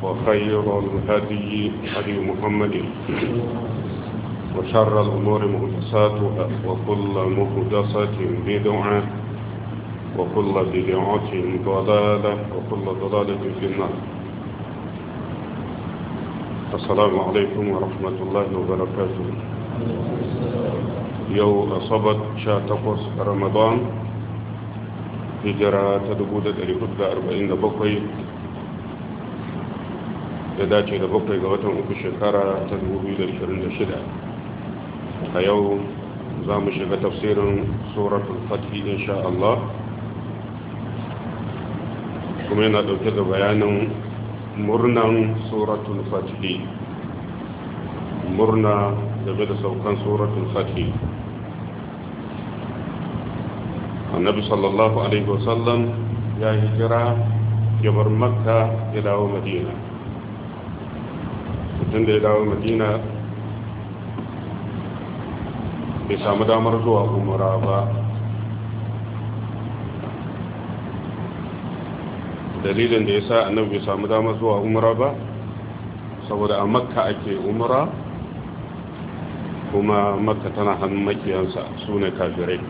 وخير الهدي هدي محمد وشر الأمور مهدساتها وكل مهدسة بدعة وكل بدعة ضلالة وكل ضلالة في النار السلام عليكم ورحمة الله وبركاته يو أصبت شاتقص رمضان هجرة تدبودة لحدة أربعين بقية da dace da bakwai ga watan uku shekara ta 2026 a yau za mu shiga tafsirin tsoratun fatih insha Allah kuma yana dauke da bayanin murnan tsoratun fatih murna game da saukan tsoratun fatih annabi sallallahu alaihi wasallam ya hijira ya bar makka ya dawo madina tun da ya dawo madina bai samu damar zuwa umara ba dalilin da ya sa annabi bai samu damar zuwa umara ba saboda a makka ake umara kuma makka tana hannun makiyansa su ne kafirai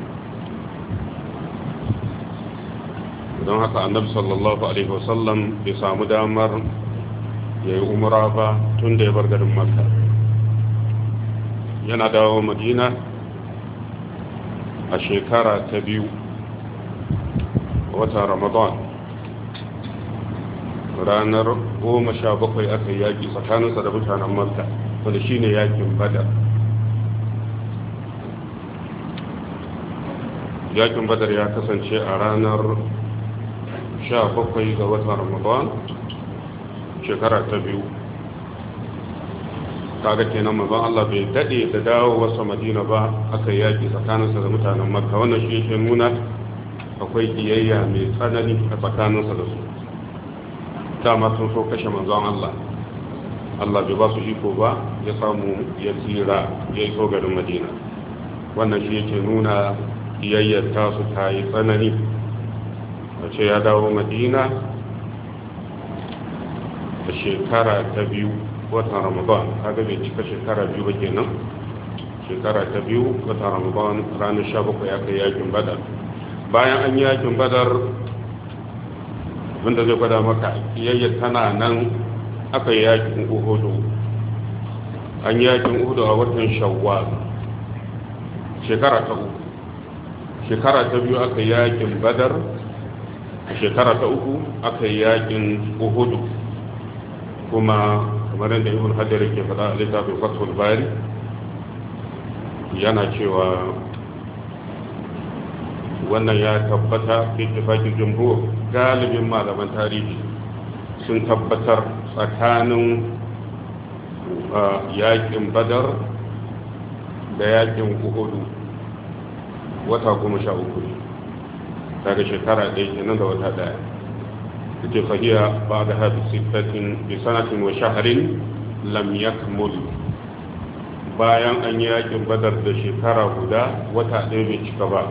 don haka annabi sallallahu alaihi wasallam bai samu damar ya yi umura ba tun da ya bar garin makka yana dawo madina a shekara ta biyu Wata ramadan ranar goma sha bakwai aka yaƙi tsakaninsa da mutanen makka wanda shine yaƙin badar yaƙin badar ya kasance a ranar sha bakwai ga watan ramadan shekara ta biyu kaga kenan ban Allah bai dade da dawowarsa Madina ba aka yaki tsakaninsa da mutanen Makka wannan shi yake nuna akwai kiyayya mai tsanani a tsakaninsa da su dama sun so kashe manzon Allah Allah bai ba su iko ba ya samu ya tsira ya iso garin Madina wannan shi yake nuna kiyayyar tasu ta yi tsanani a ce ya dawo Madina A shekara ta biyu watan ramadan kaga bai cika shekara biyu ba kenan shekara ta biyu watan ramadan ranar sha bakwai ya kai yakin badar bayan an yi yakin badar abinda zai gwada maka yayya tana nan aka yi yakin uhudu an yi yakin uhudu a watan shawwa shekara ta uku shekara ta biyu aka yi yakin badar shekara ta uku aka yi yakin uhudu kuma kamar yadda ibn hajjar ke faɗa a littafin fatul bari yana cewa wannan ya tabbata tafakin jumhur galibin malaman tarihi sun tabbatar tsakanin yakin badar da yakin uhudu wata goma sha uku ne daga shekara ɗaya kenan da wata ɗaya yake fahiya ba da haɗu sifatin bi sanatin wa shaharin lam yakmul bayan an yi yakin badar da shekara guda wata ɗaya bai cika ba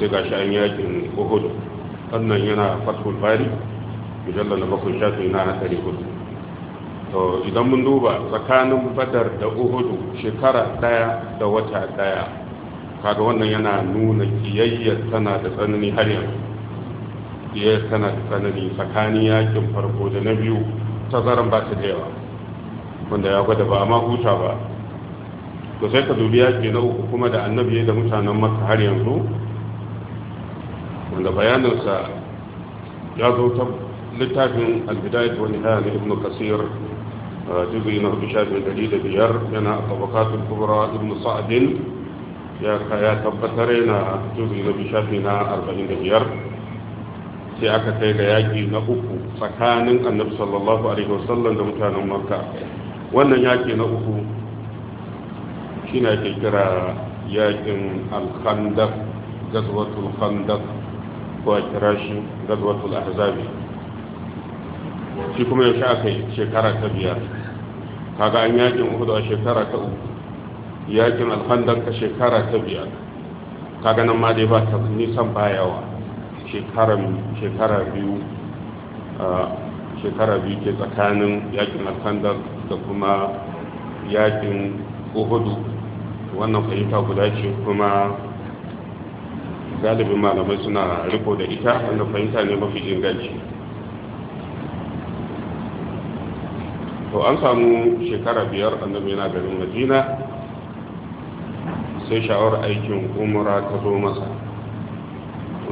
sai ga shi an yi yakin uhud wannan yana fatul bari mujallar na bakwai shafi na na ɗari hudu to idan mun duba tsakanin badar da uhudu shekara ɗaya da wata ɗaya kaga wannan yana nuna kiyayyar tana da tsanani har yanzu diyar tana da tsanani tsakanin yakin farko da na biyu tazaran ba ta da yawa wanda ya gwada ba ma huta ba to sai ka dubi yaki na uku kuma da annabi ya da mutanen maka har yanzu wanda bayaninsa ya zo ta littafin albidayat wani haya na ibn kasir juzi na hudu shafin dari da biyar yana tabakatul kubra ibn sa'adin ya tabbatar yana juzi na hudu shafi na arba'in da biyar sai aka kai ga yaƙi na uku tsakanin annabi sallallahu alaihi wasallam da mutanen makka wannan yaƙi na uku shi ne ake kira yaƙin alkandar gazwatul khandar ko a kira shi gazwatul ahzabi shi kuma yaushe aka yi shekara ta biyar kaga an yaƙin uku a shekara ta uku yaƙin alkandar ka shekara ta biyar kaga nan ma dai ba ta nisan bayawa shekara biyu ke tsakanin yakin alkandar da kuma yakin uhudu wannan fahimta guda ce kuma galibin malamai suna riko da ita wannan fahimta ne mafi inganci to an samu shekara biyar annabi yana garin madina sai sha'awar aikin umura ta zo masa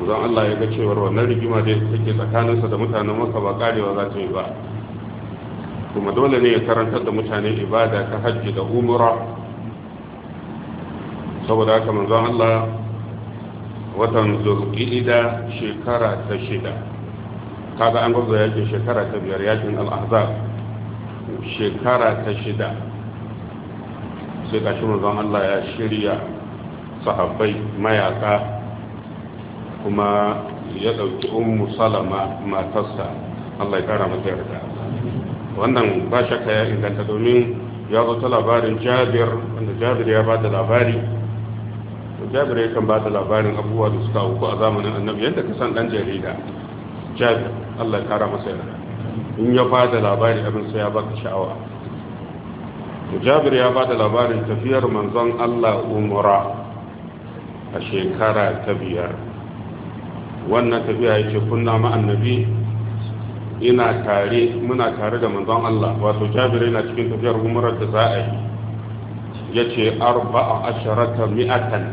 manzon Allah ya ga cewar wannan rigima da take tsakaninsa da mutanen maka ba karewa za ta yi ba kuma dole ne ya karantar da mutane ibada ta hajji da umra saboda haka manzon Allah watan zulqa'ida shekara ta shida kaga an gwabza yakin shekara ta biyar yakin al shekara ta shida sai kashi manzon Allah ya shirya sahabbai mayaka kuma ya ɗauki ummu salama matarsa Allah ya kara mata yarda wannan ba shakka ya inganta domin ya zo labarin jabir wanda jabir ya ba da labari jabir ya kan ba da labarin abubuwa da suka uku a zamanin annabi yadda ka san dan jarida jabir Allah ya kara masa yarda in ya ba da labari abin sai ya baka sha'awa jabir ya ba da labarin tafiyar manzon Allah umra a shekara ta biyar wannan tafiya ya ce kunna ma'annabi ina tare muna tare da manzon Allah wato jabir yana cikin tafiyar umarar da za a yi ya ce arba'a asharata mi'atan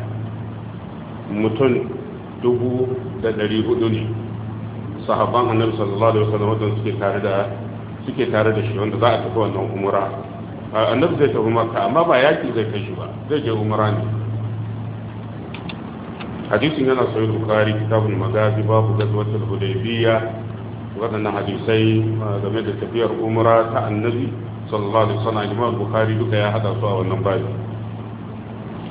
mutum dubu da ɗari hudu ne sahabban annabi sallallahu alaihi wasallam wajen suke tare da suke tare da shi wanda za a tafi wannan umura annabi zai tafi maka amma ba yaki zai kai shi ba zai je umura ne hadisin yana sahih bukhari kitabun magazi babu gazwatul hudaybiyya waɗannan hadisai ah, game da tafiyar umra ta annabi sallallahu alaihi wasallam imam bukhari duka ya hada su a wannan babi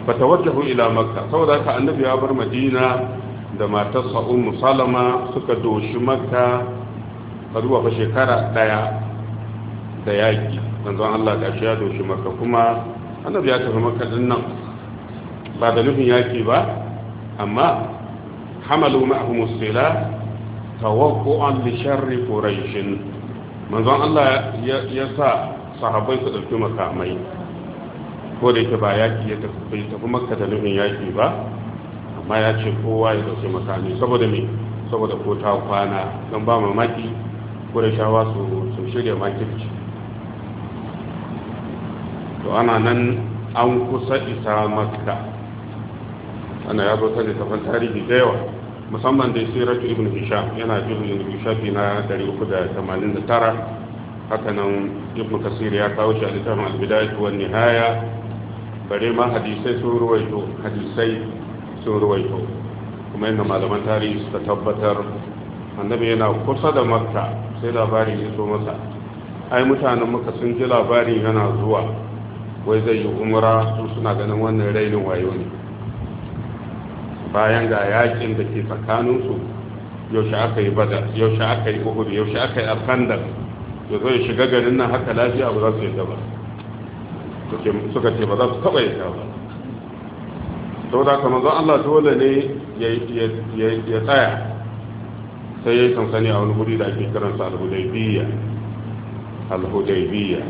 fatawajjahu ila makka saboda haka annabi ya bar madina da matarsa ummu salama suka doshi makka a zuwa fa shekara daya da yaki manzon Allah shi ya doshi makka kuma annabi ya tafi makka din ba da nufin yaki ba amma حملوا معهم sila توقعا لشر قريش من manzon Allah يسا sa sahabbai su dauki makamai ko ba yaki ya tafi tafi makka da nufin yaki ba amma ya ce kowa ya dauki makani saboda me saboda ko ta kwana don ba mamaki ko da shawa su su shirya makirci to ana nan an kusa isa makka ana ya zo ta littafin tarihi da yawa musamman da siratu ibn hisham yana jirgin hisham na 389 haka nan ibn kasir ya kawo shi a littafin albidai wa nihaya bare ma hadisai sun ruwaito hadisai sun ruwaito kuma yana malaman tarihi suka tabbatar annabi yana kusa da makka sai labarin ya zo masa ai mutanen maka sun ji labarin yana zuwa wai zai yi umra su suna ganin wannan rainin wayo ne bayan ga yakin da ke tsakaninsu yaushe aka yi bada yaushe aka yi uhud yaushe aka yi alkandar da zai shiga garin nan haka lafiya ba za su yi ba suka ce ba za su taɓa yi ba sau da kama, zan allah dole ne ya tsaya sai ya yi sansani a wani guri da ake kiransa al alhudaibiyya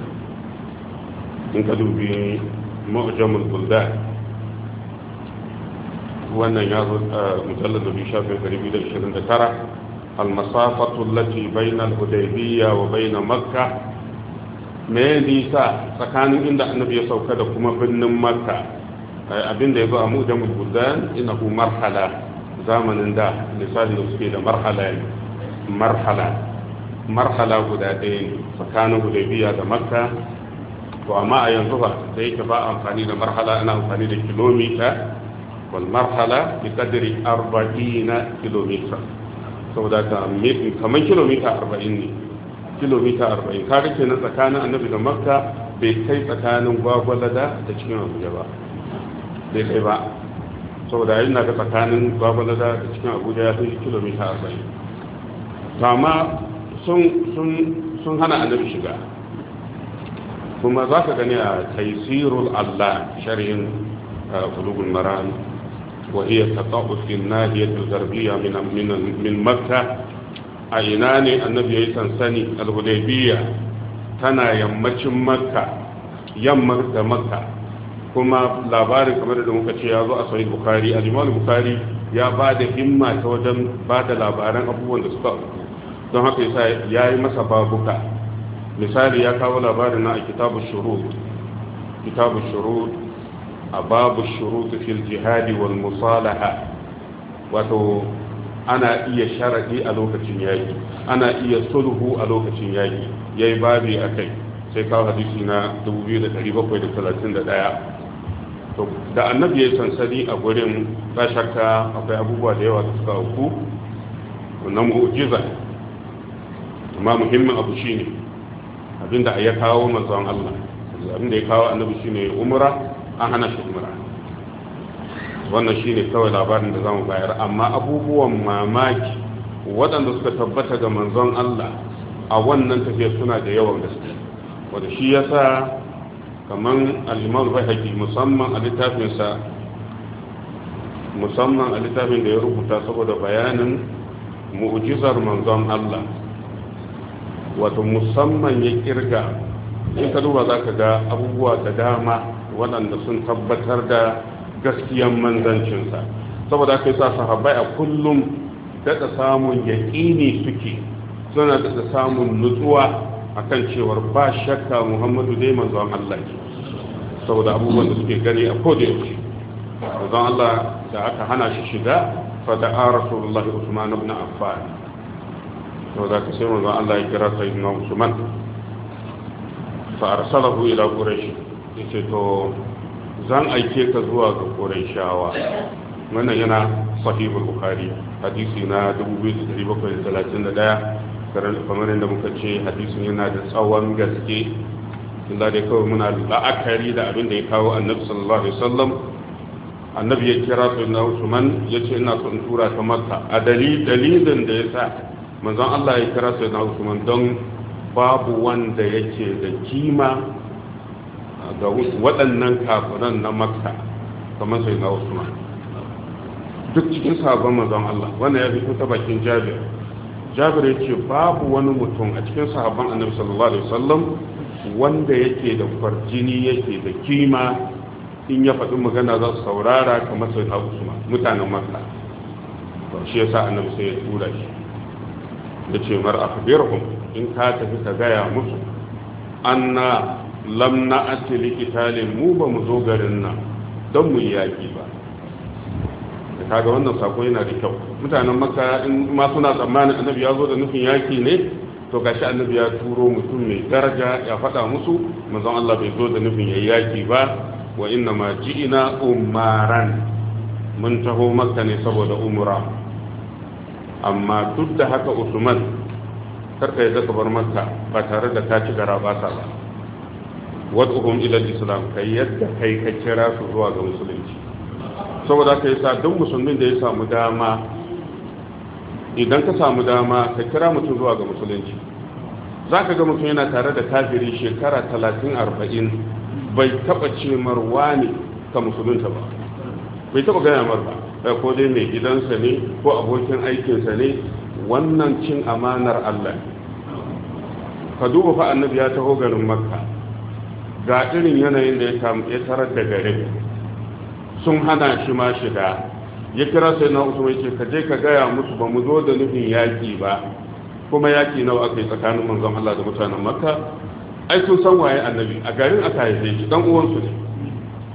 in ka dubi mu'jamul buldan wannan ya zo mujallar da shafin garibi da ishirin da tara almasafatu lati bayna al-hudaybiyya wa bayna makka me nisa tsakanin inda annabi ya sauka da kuma birnin makka abin da ya zo a mujamul budan innahu marhala zamanin da lissafi da suke da marhala marhala marhala guda ɗaya ne tsakanin hudaybiyya da makka to amma a yanzu ba da yake ba amfani da marhala ana amfani da kilomita والمرحلة بقدر 40 كيلومتر saboda ka kamar kilomita 40 ne kilomita 40 ke na tsakanin annabi da makka bai kai tsakanin gwagwalada da cikin abuja ba bai kai ba saboda yayin na ga tsakanin gwagwalada da cikin abuja ya kai kilomita 40 amma sun hana annabi shiga kuma za ka gani a taisirul allah shari'in kulugun uh, marani وهي تقع في الناحية الغربية من من من مكة أينان النبي سنسني الحديبية تنا يمتش مكة يمر مكة kuma labarin kamar da muka ce ya zo a sahih bukhari al-imam bukhari ya ba da himma ta wajen ba da abubuwan da suka don haka yasa ya yi masa babuka misali ya kawo labarin na a kitabu shuru. kitabu a babu shurutu fil jihadi wal musalaha wato ana iya sharaɗi a lokacin yaƙi ana iya sulhu a lokacin yaƙi ya yi babi a kai sai kawo hadisi na 2731 da annabi ya yi sansani a gurin ba akwai abubuwa da yawa da suka auku na mu'jiza amma muhimmin abu shine abinda ya kawo manzon Allah abinda ya kawo annabi shine umra an hana shi umra wannan shine kawai labarin da zamu bayar amma abubuwan mamaki waɗanda suka tabbata ga manzon Allah a wannan tafiyar suna da yawan gaske wanda shi yasa sa kamar imam Bayhaqi musamman a littafinsa musamman a littafin da ya rubuta saboda bayanin mu'ujizar manzon Allah wato musamman ya kirga in ka duba za ka ga abubuwa da dama waɗanda sun tabbatar da gaskiyan manzancinsa saboda aka yi sa sahabbai a kullum daɗa samun yaƙini suke suna daɗa samun nutsuwa a kan cewar ba shakka muhammadu dai manzon Allah ne saboda abubuwan da suke gani a ko da yaushe manzon Allah da aka hana shi shiga fada'a rasulullah usman ibn affan saboda ka sai manzon Allah ya kira sayyidina usman fa arsalahu ila quraish ya ce to zan aike ka zuwa ga koren shawa wannan yana sahibul bukhari hadisi na 2731 kamar yadda muka ce hadisin yana da tsawon gaske illa da kawai muna la'akari da abin da ya kawo annabi sallallahu alaihi wasallam annabi ya kira su na usman ya ce ina son tura ta makka a dalilin da ya sa manzon allah ya kira su na usman don babu wanda yake da kima ga waɗannan kafiran na makka kamar sai na usman duk cikin sabon manzon Allah wannan ya fito ta bakin jabir jabir ya ce babu wani mutum a cikin sahabban annabi sallallahu alaihi wasallam wanda yake da farjini yake da kima in ya faɗi magana za su saurara kamar sai na usman mutanen makka shi sa annabi sai ya tura shi ya ce mar akhbirhum in ka tafi ka gaya musu anna lam na asili italin mu ba mu zo garin nan don mu yaƙi ba da kaga wannan sako yana da kyau mutanen maka in ma suna tsammanin annabi ya zo da nufin yaƙi ne to gashi annabi ya turo mutum mai daraja ya faɗa musu manzon Allah bai zo da nufin yayi yaƙi ba wa inna ma ji'ina umaran mun taho makka ne saboda umra amma duk da haka usman karka yadda zaka bar makka ba tare da ta ci gara ba ba wad'uhum ila islam kai yadda kai ka kira su zuwa ga musulunci saboda kai sa duk musulmin da ya samu dama idan ka samu dama ka kira mutum zuwa ga musulunci zaka ga mutum yana tare da kafiri shekara 30 40 bai taba ce marwa ka musulunta ba bai taba gaya mar ba eh, ko dai mai gidansa ne ko abokin aikinsa ne wannan cin amanar Allah ka duba fa annabi ya taho garin makka ga irin yanayin da ya tarar da garin sun hana shi ma shiga ya kira sai na usman ce ka je ka gaya musu ba mu zo da nufin yaƙi ba kuma yaƙi nawa aka yi tsakanin manzon Allah da mutanen makka ai sun san waye annabi a garin aka haife shi dan uwansu ne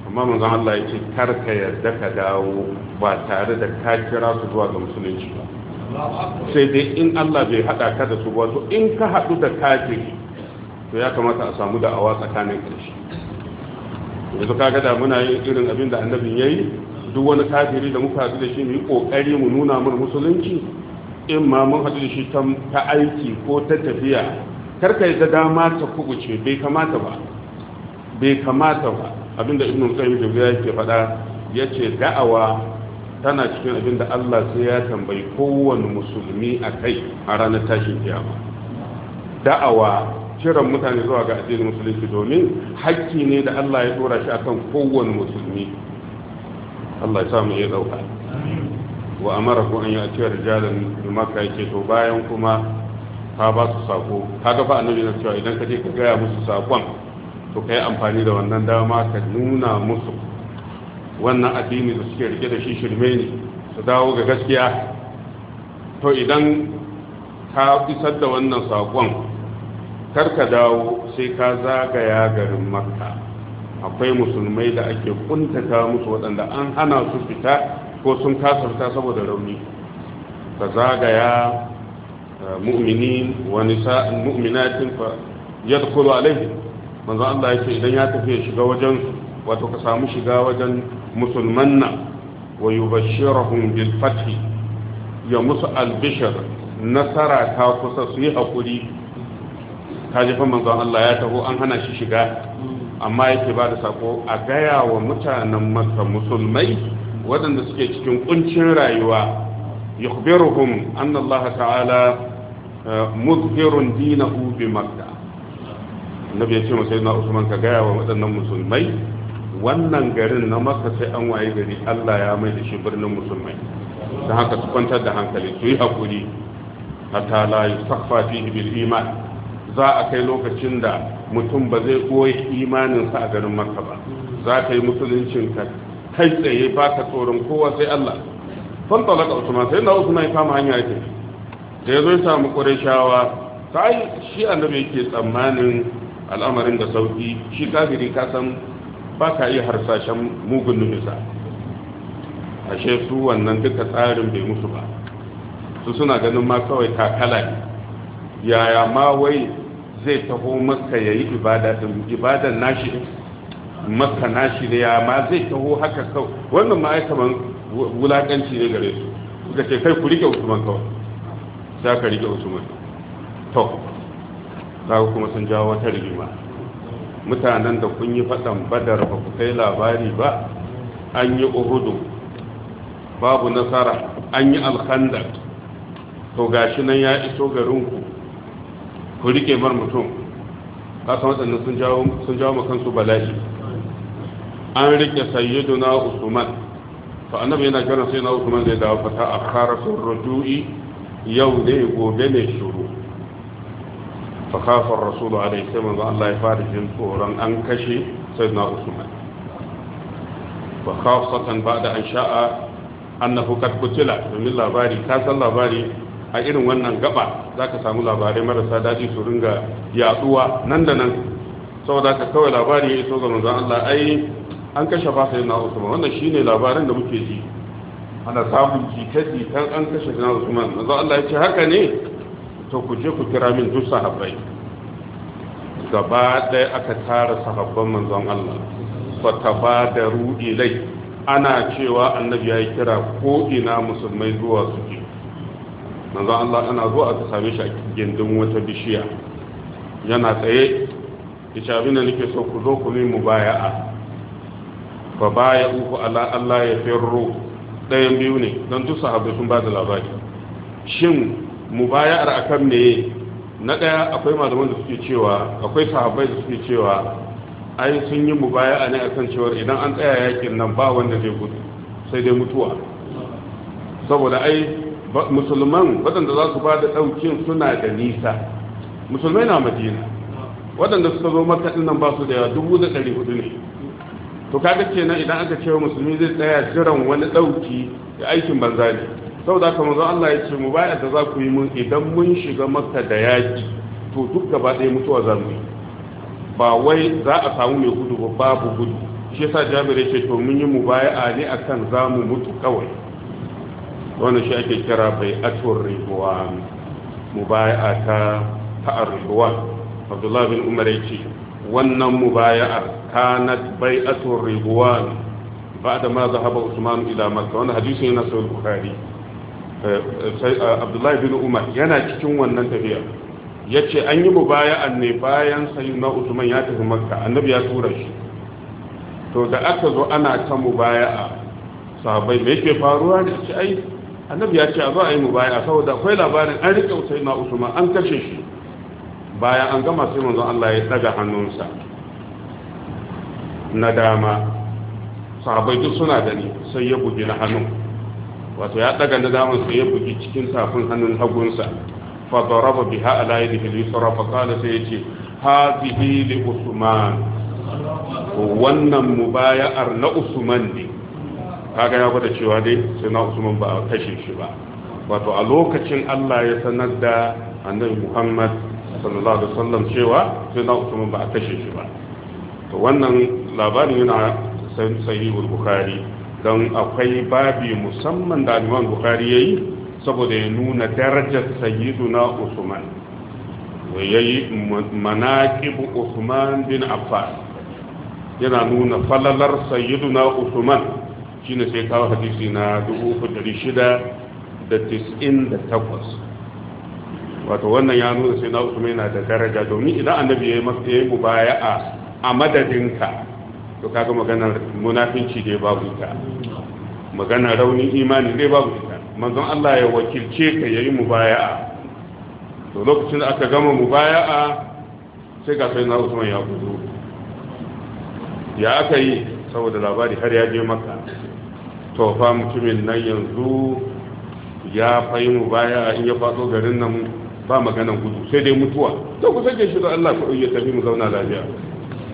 amma manzon Allah ya ce kar ka yarda ka dawo ba tare da ka kira su zuwa ga musulunci ba sai dai in Allah bai hada ka da su ba to in ka hadu da kafiri to ya kamata a samu da'awa tsakanin ƙarshe yanzu kaga da muna yin irin abin da annabin yayi duk wani kafiri da muka haɗu da shi mu yi ƙoƙari mu nuna mun musulunci in ma mun haɗu da shi ta aiki ko ta tafiya karka yi ta dama ta kubuce bai kamata ba bai kamata ba abinda ibnu qayyim jabriya ke faɗa yace da'awa tana cikin abin da Allah sai ya tambayi kowane musulmi a kai a ranar tashin kiyama da'awa kiran mutane zuwa ga addinin musulunci domin hakki ne da Allah ya dora shi akan kowane musulmi Allah ya samu ya dauka wa amara ku an yi a rijalan maka yake to bayan kuma ka ba su sako kaga fa annabi na cewa idan ka je ka gaya musu sakon to kai amfani da wannan dama ka nuna musu wannan addini da suke rike da shi shirme ne su dawo ga gaskiya to idan ka isar da wannan sakon karka dawo sai ka zagaya garin makka akwai musulmai da ake kuntata musu waɗanda an hana su fita ko sun kasarta saboda rauni ka zagaya eh, mu'minin wani sa'in mu'minatin fa ya dukuru alaihi manzo Allah ya ce idan ya tafi ya shiga wajen wato ka samu shiga wajen musulman nan wa yubashshirahum bil Fatih ya musu albishar nasara ta kusa su yi hakuri ta jefa manzon Allah ya taho an hana shi shiga amma yake ba da sako a gaya wa mutanen maka musulmai waɗanda suke cikin kuncin rayuwa yukhbiruhum anna Allah ta'ala eh, muzhirun dinahu bi makka na biya ce masa sayyidina Usman ka gaya wa waɗannan musulmai wannan garin na maka sai an waye gari Allah ya mai da shi birnin musulmai don haka su kwantar da hankali su yi hakuri hatta la yusaffa fihi bil iman za a kai lokacin da mutum ba zai ɓoye imaninsa a garin maka ba za ka yi musuluncin ka kai tsaye ba ka tsoron kowa sai Allah fan talaka usman sai na usman ya kama hanya yake da ya zo ya samu ƙurashawa ta yi shi annabi yake tsammanin al'amarin da sauki shi kafiri ka san ba ka yi harsashen mugun numisa ashe su wannan duka tsarin bai musu ba su suna ganin ma kawai kakala ne yaya ma wai zai taho maka ya yi ibada ɗin ibadan nashi maka nashi ne ya ma zai taho haka kau wannan ma aika kaman wulakanci ne gare su suka ce kai ku rike usman kawai sai aka rike usman to ku kuma sun jawo wata rigima mutanen da kun yi faɗan badar ba ku kai labari ba an yi uhudu babu nasara an yi alkhandar to gashi nan ya iso garinku Ko rike bar mutum kasan waɗannan sun jawo kansu bala'i an rike na usman to annabi yana kiran sai na usman zai dawo fata a karasun ruju'i yau ne gobe ne shuru fa kafar rasulu alaihi sai manzo Allah ya fara jin tsoron an kashe sayyiduna usman wa ba da an sha'a annahu qad qutila domin labari ka san labari a irin wannan gaba za ka samu labarai marasa daɗi su ringa yaduwa nan da nan saboda ka kawai labari ya iso ga manzon Allah ai an kashe fasa yana Usman wannan shine labarin da muke ji ana samun jikaji kan an kashe yana Usman manzon Allah ya ce haka ne to ku je ku kira min duk sahabbai gaba ɗaya aka tara sahabban manzon Allah fatabadaru ilai ana cewa annabi ya yi kira ko ina musulmai zuwa suke manzo Allah ana zuwa aka same shi a gindin wata bishiya yana tsaye yace abin da nake so ku zo ku min mubaya'a fa baya'uhu ala Allah ya firru dayan biyu ne don duk sahabbai sun ba da labari shin mubaya'ar akan me na daya akwai malaman da suke cewa akwai sahabbai da suke cewa ai sun yi mubaya'a ne akan cewa idan an tsaya yakin nan ba wanda zai gudu sai dai mutuwa saboda ai musulman waɗanda za su ba da ɗaukin suna da nisa musulmai na madina waɗanda suka zo maka nan ba su da yawa dubu da ɗari hudu ne to kaga kenan idan aka ce musulmi zai tsaya jiran wani ɗauki da aikin banza ne saboda haka manzo Allah ya ce mu baya da za ku yi mun idan mun shiga maka da yaki, to duk gaba ɗaya mutuwa za mu yi ba wai za a samu mai gudu ba babu gudu shi yasa jami'ai ce to mun yi mubaya'a ne akan za mu mutu kawai wani shi ake kira bai atun ribuwa mubaya'a ta ta'ar ribuwa abdullahi bin umar ya ce wannan mubaya'ar kanat bai atun ribuwa ba da ma zahaba usman ila makka wani hadisi yana sahih bukari eh, eh, abdullahi bin umar yana cikin wannan tafiya ya ce an yi mubaya'an ne bayan sayi na usman ya tafi makka annabi ya tura shi to da aka zo ana ta a sahabai me ke faruwa da ce ai annabi ya ce a zo a yi mu baya saboda akwai labarin an rike usai na usman an kashe shi bayan an gama sai manzon Allah ya daga hannunsa na dama sahabai duk suna gani sai ya buge na hannun wato ya daga na dama sai ya buge cikin tafin hannun hagunsa fa daraba biha ala yadihi al-yusra fa qala sai yace hadhihi li usman wannan mubaya'ar na usman ne kaga ya gwada cewa dai sai na usman ba a kashe shi ba wato a lokacin Allah ya sanar da annabi Muhammad sallallahu alaihi wasallam cewa sai na usman ba a kashe shi ba to wannan labarin yana sahihul bukhari don akwai babi musamman da Buhari bukhari yayi saboda ya nuna darajar sayyiduna usman yayi manaqib usman bin affan yana nuna falalar sayyiduna usman ne sai kawo hadisi na 3698 wato wannan ya nuna sai na usman yana da daraja domin idan annabi ya yi mu baya a madadinka to kaga maganar munafinci dai babu ita maganar raunin imani dai babu ita manzon Allah ya wakilce ka ya yi baya a to lokacin da aka gama a sai ga sai na usman ya kudu ya aka yi saboda labari har ya je maka to fa mutumin nan yanzu ya fayi mu baya in ya faso garin nan ba maganan gudu sai dai mutuwa to ku sake shi da Allah ku yi tafi mu zauna lafiya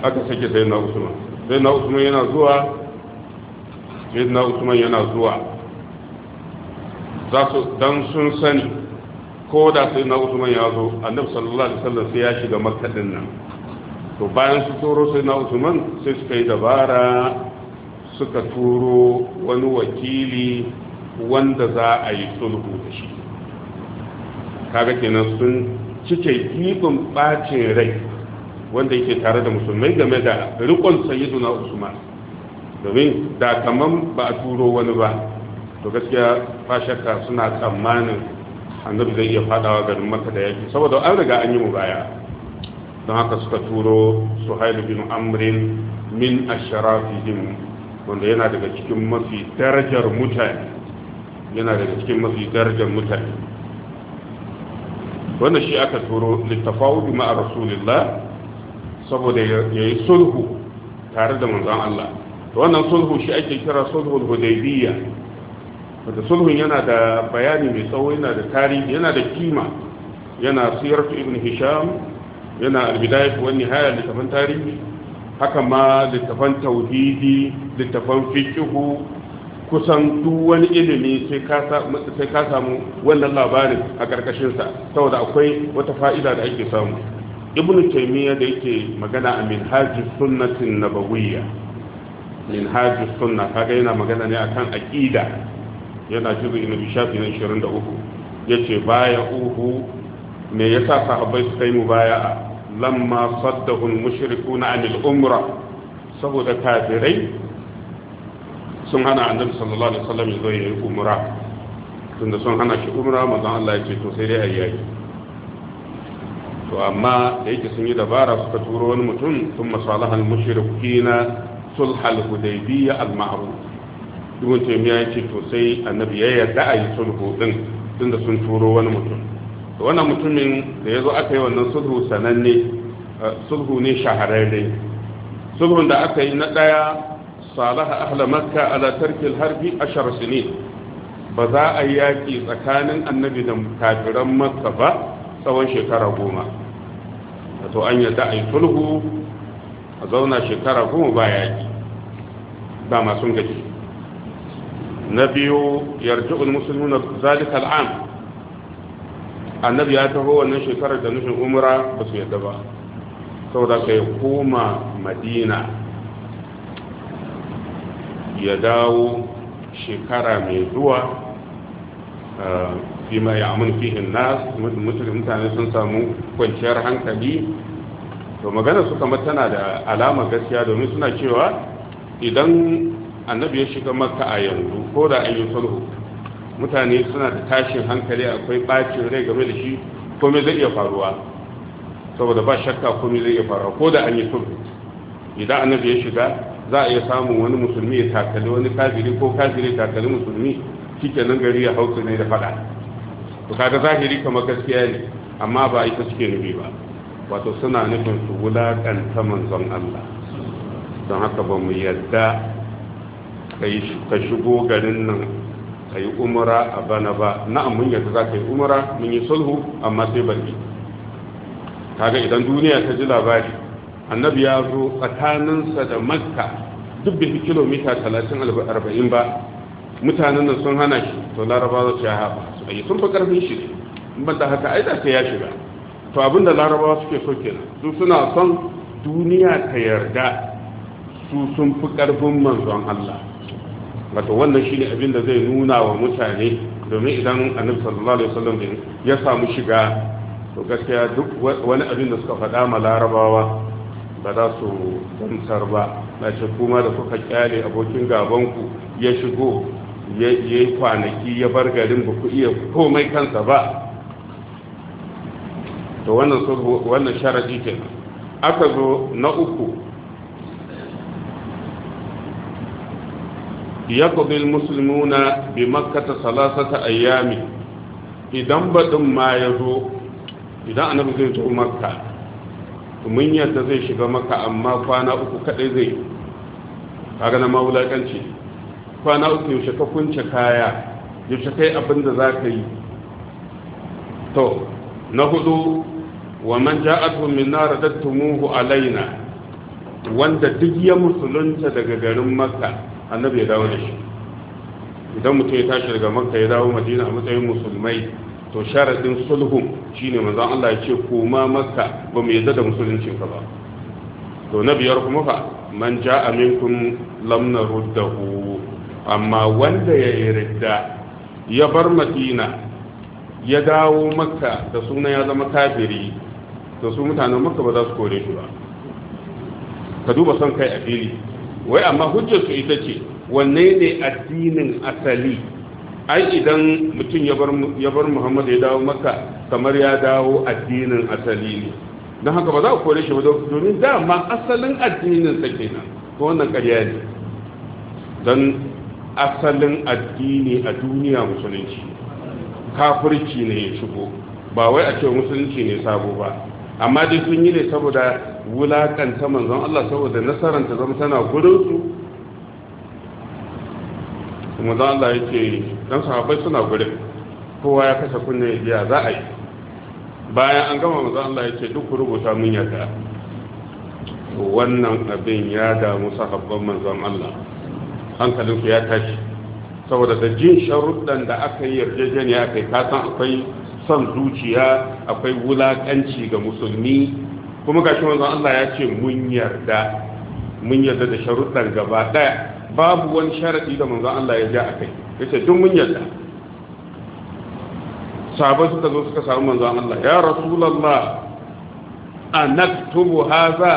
aka sake sai na Usman sai na Usman yana zuwa sai na Usman yana zuwa za su dan sun sani ko da sai na Usman ya zo annabi sallallahu alaihi wasallam sai ya shiga makka din nan to bayan su toro sai na Usman sai suka yi dabara suka turo wani wakili wanda za a yi sulhu da shi kaga kenan sun cike ikon bacin rai wanda yake tare da musulmai game da rikon na usman domin da kaman ba a turo wani ba to gaskiya ba shakka suna tsammanin annabi zai iya fadawa garin maka da yaki saboda an riga an yi mu baya. don haka suka turo suhailu bin amrin min asharafihim wanda yana daga cikin mafi darajar mutane yana daga cikin mafi darajar mutane wanda shi aka turo littafa'udu ma'a rasulillah saboda ya yi sulhu tare da manzan Allah wannan sulhu shi ake kira sulhu hudaybiyya wanda sulhun yana da bayani mai tsawo yana da tarihi yana da kima yana siyartu ibn hisham yana albidayat wa nihaya littafin tarihi haka ma littafan tauhidi littafan fikihu kusan duk wani ilimi sai ka samu wannan labarin a ƙarƙashinsa saboda akwai wata fa'ida da ake samu ibn taimiyya da yake magana a minhajus sunnatin nabawiyya minhajus sunna kaga yana magana ne akan aqida yana jibu ina bishafi na 23 yace baya uhu me yasa sahabbai suka yi mubaya'a lamma saddahul mushrikuna anil umra saboda kafirai sun hana annabi sallallahu alaihi wasallam yazo yayi umra tunda sun hana shi umra manzon Allah ya ce to sai dai ayyayi to amma da yake sun yi dabara suka turo wani mutum sun masalahan mushrikina sulhal hudaybiyya al ma'ruf ibn taymiya ya ce to sai annabi ya yarda a yi sulhu din tunda sun turo wani mutum da wannan mutumin da ya zo aka yi wannan sulhu sananne eh, sulhu ne shahararre sulhun da aka yi na ɗaya salaha ahla makka ala tarkil harbi ashar sinin ba za a yi yaƙi tsakanin annabi da kafiran makka ba tsawon shekara goma to an yadda a yi sulhu a zauna shekara goma ba yaƙi ba masu gaji na biyu yarji'ul musulmi na zalikal am annabi ya taho wannan shekarar da nufin umra ba su yadda ba saboda ka ya koma madina ya dawo shekara mai zuwa fi ma ya amin fihin nas mutane sun samu kwanciyar hankali to magana su kamar tana da alama gaskiya domin suna cewa idan annabi ya shiga maka a yanzu ko da an yi sulhu mutane suna da tashin hankali akwai bacin rai game da shi komai zai iya faruwa saboda ba shakka komai zai iya faruwa ko da an yi tun idan annabi ya shiga za a iya samun wani musulmi ya takali wani kafiri ko kafiri takali musulmi nan gari ya hausa ne da fada to kaga zahiri kamar gaskiya ne amma ba ita suke nufi ba wato suna nufin su wulakanta manzon Allah don haka ba mu yadda ka shigo garin nan ka yi umara a bana ba na'am mun yadda za ka yi umara mun yi sulhu amma sai barbi kaga idan duniya ta ji labari annabi ya zo tsakaninsa da makka duk bai kilomita talatin arba'in ba mutanen nan sun hana shi to larabawa su ya haɓa su ayi sun fi ƙarfin shi in ban da haka ai da sai ya shiga to abin da larabawa suke so kenan su suna son duniya ta yarda su sun fi ƙarfin manzon Allah wato wannan shine abin da zai nuna wa mutane domin idan annabi sallallahu alaihi wasallam ya samu shiga to gaskiya duk wani abin da suka faɗa ma larabawa ba za su gamsar ba na kuma da kuka kyale abokin gabanku ya shigo ya yi kwanaki ya bar garin ba ku iya komai kansa ba to wannan sharadi ke aka zo na uku yaqdi almuslimuna bi makkah salasata ayami idan badin ma yazo idan annabi zai tafi makka mun yadda zai shiga makka amma kwana uku kadai zai kaga na mawulakanci kwana uku yaushe ka kunce kaya yaushe kai abin za ka yi to na hudu wa man ja'atu min naradatumuhu alaina wanda duk ya musulunta daga garin makka annabi ya dawo da shi idan mutum ya tashi daga makka ya dawo madina a matsayin musulmai to sharadin sulhun shine manzon Allah ya ce koma makka ba mu yadda da musulunci ka ba to na biyar kuma fa man ja minkum lamna naruddahu amma wanda ya yarda ya bar madina ya dawo makka da suna ya zama kafiri da su mutanen makka ba za su kore shi ba ka duba son kai a fili wai amma hujjarsu ita ce wanne ne addinin asali ai idan mutum ya bar muhammad ya dawo maka kamar ya dawo addinin asali ne don haka ba za ku kore shi ba domin dama asalin addinin sa kenan ko wannan karya ne don asalin addini a duniya musulunci kafirci ne ya shigo ba wai a ce musulunci ne sabo ba amma dai sun yi ne saboda wulakanta manzon Allah saboda nasarar ta zama tana gurin su kuma za Allah yake dan sahabbai suna gurin kowa ya kashe kunne ya za a yi bayan an gama manzon Allah yake duk rubuta mun yadda, wannan abin ya damu sahabban manzon Allah hankalinsu ya tashi saboda da jin sharuɗan da aka yi yarjejeniya kai kasan akwai son zuciya akwai wulakanci ga musulmi kuma shi wanzu Allah ya ce mun yarda mun yarda da sharuɗan gaba ɗaya babu wani sharaɗi da manzon Allah ya ja a ya yace duk mun yarda sabon suka zo suka samu manzon Allah ya a naktubu haza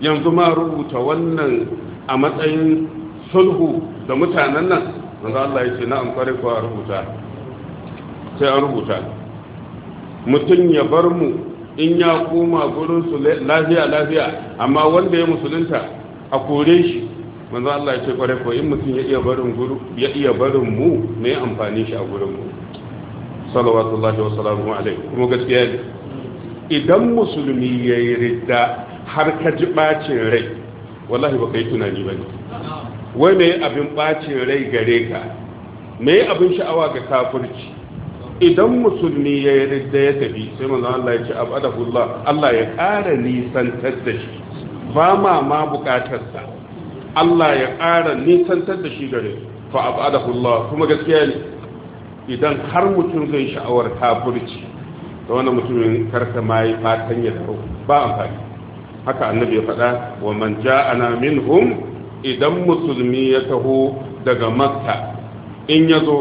yanzu ma rubuta wannan a matsayin sulhu da mutanen nan manzo Allah ya ce na amfare ko a rubuta sai an rubuta mutum ya bar mu in ya koma gurin su lafiya lafiya amma wanda ya musulunta a kore shi manzo Allah ya ce kware ko in mutum ya iya barin guru ya iya barin mu mai amfani shi a gurin mu sallallahu alaihi wasallam alaihi kuma gaskiya ne idan musulmi yayi ridda har ka ji bacin rai wallahi baka yi tunani bane wai mai abin bacin rai gare ka me abin sha'awa ga kafirci idan musulmi ya yarda ya tafi sai zama Allah ya ce abadahullah Allah ya ƙara nisantar da shi ba ma ma bukatar sa Allah ya ƙara nisantar da shi gare fa abadahullah kuma gaskiya ne idan har mutum zai sha'awar kafirci da wani mutumin karka ma yi fatan ya dawo ba amfani haka annabi ya faɗa wa man ja'ana minhum idan musulmi ya taho daga makka in ya zo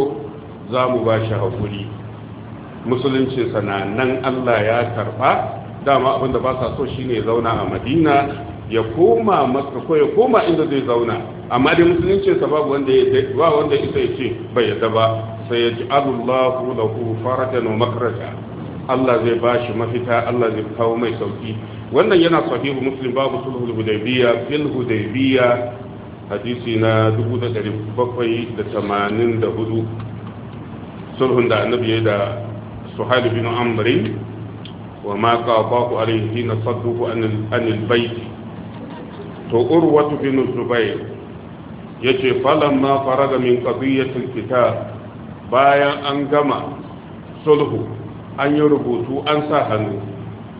za mu ba shi haƙuri musulunci sananan Allah ya karba dama abinda ba sa so shine zauna a Madina ya koma maka ko ya koma inda zai zauna amma dai musulunci sa babu wanda ya ba wanda isa ya ce bai yadda ba sai ya ji Allahu lahu farajan wa makraja Allah zai bashi mafita Allah zai kawo mai sauki wannan yana sahihu muslim babu al hudaybiya fil hudaybiya hadisi na 1784 sulhun da annabi ya da سهيل بن عمرو وما قاضاه عليه حين صدوه عن البيت تو أروة بن الزبير يجي فلما فرغ من قضية الكتاب bayan an gama sulhu an yi rubutu an sa hannu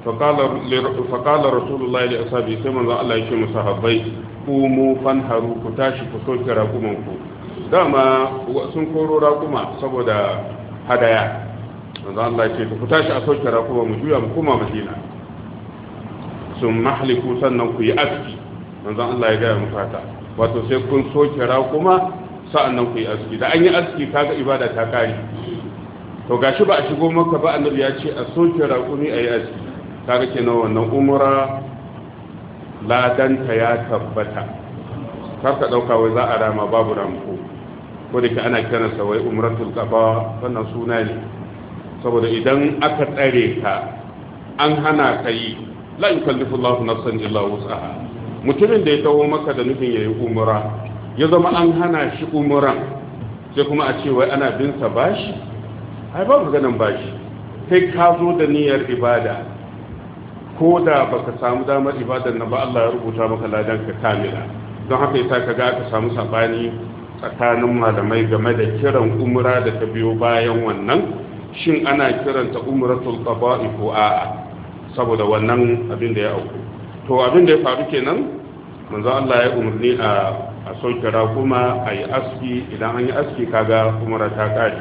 faƙalar rasulullahi da asabi sai manzan Allah ya ce musa habbai kumu fanharu ku tashi ku soke rakumanku dama sun koro rakuma saboda haɗaya. manzo Allah ya ce ku tashi a sauke rakuwa mu juya mu koma Madina sun mahliku sannan ku yi aski manzo Allah ya gaya mu fata wato sai kun soke rakuma sa'annan ku yi aski da an yi aski kaga ibada ta kare to gashi ba a shigo maka ba annabi ya ce a soke rakumi a yi aski kaga kenan wannan umra ladanta ya tabbata kar ka dauka wai za a rama babu ramko ko da ke ana kiransa wai umratul qada wannan suna ne saboda idan aka tsare ka an hana ka yi la yukallifu Allahu nafsan illa wus'aha mutumin da ya taho maka da nufin ya yi umura ya zama an hana shi umuran sai kuma a cewa wai ana bin bashi ai ba ganin bashi Sai ka zo da niyyar ibada ko da baka samu damar ibadar na ba Allah ya rubuta maka ladan ka kamila don haka yasa ga ka samu sabani tsakanin malamai game da kiran umra da ta biyo bayan wannan shin ana kiranta umratul qada'i ko a'a saboda wannan abin da ya auku to abin da ya faru kenan manzo Allah ya umarni a a saukira kuma a yi aski idan an yi aski kaga umara ta kare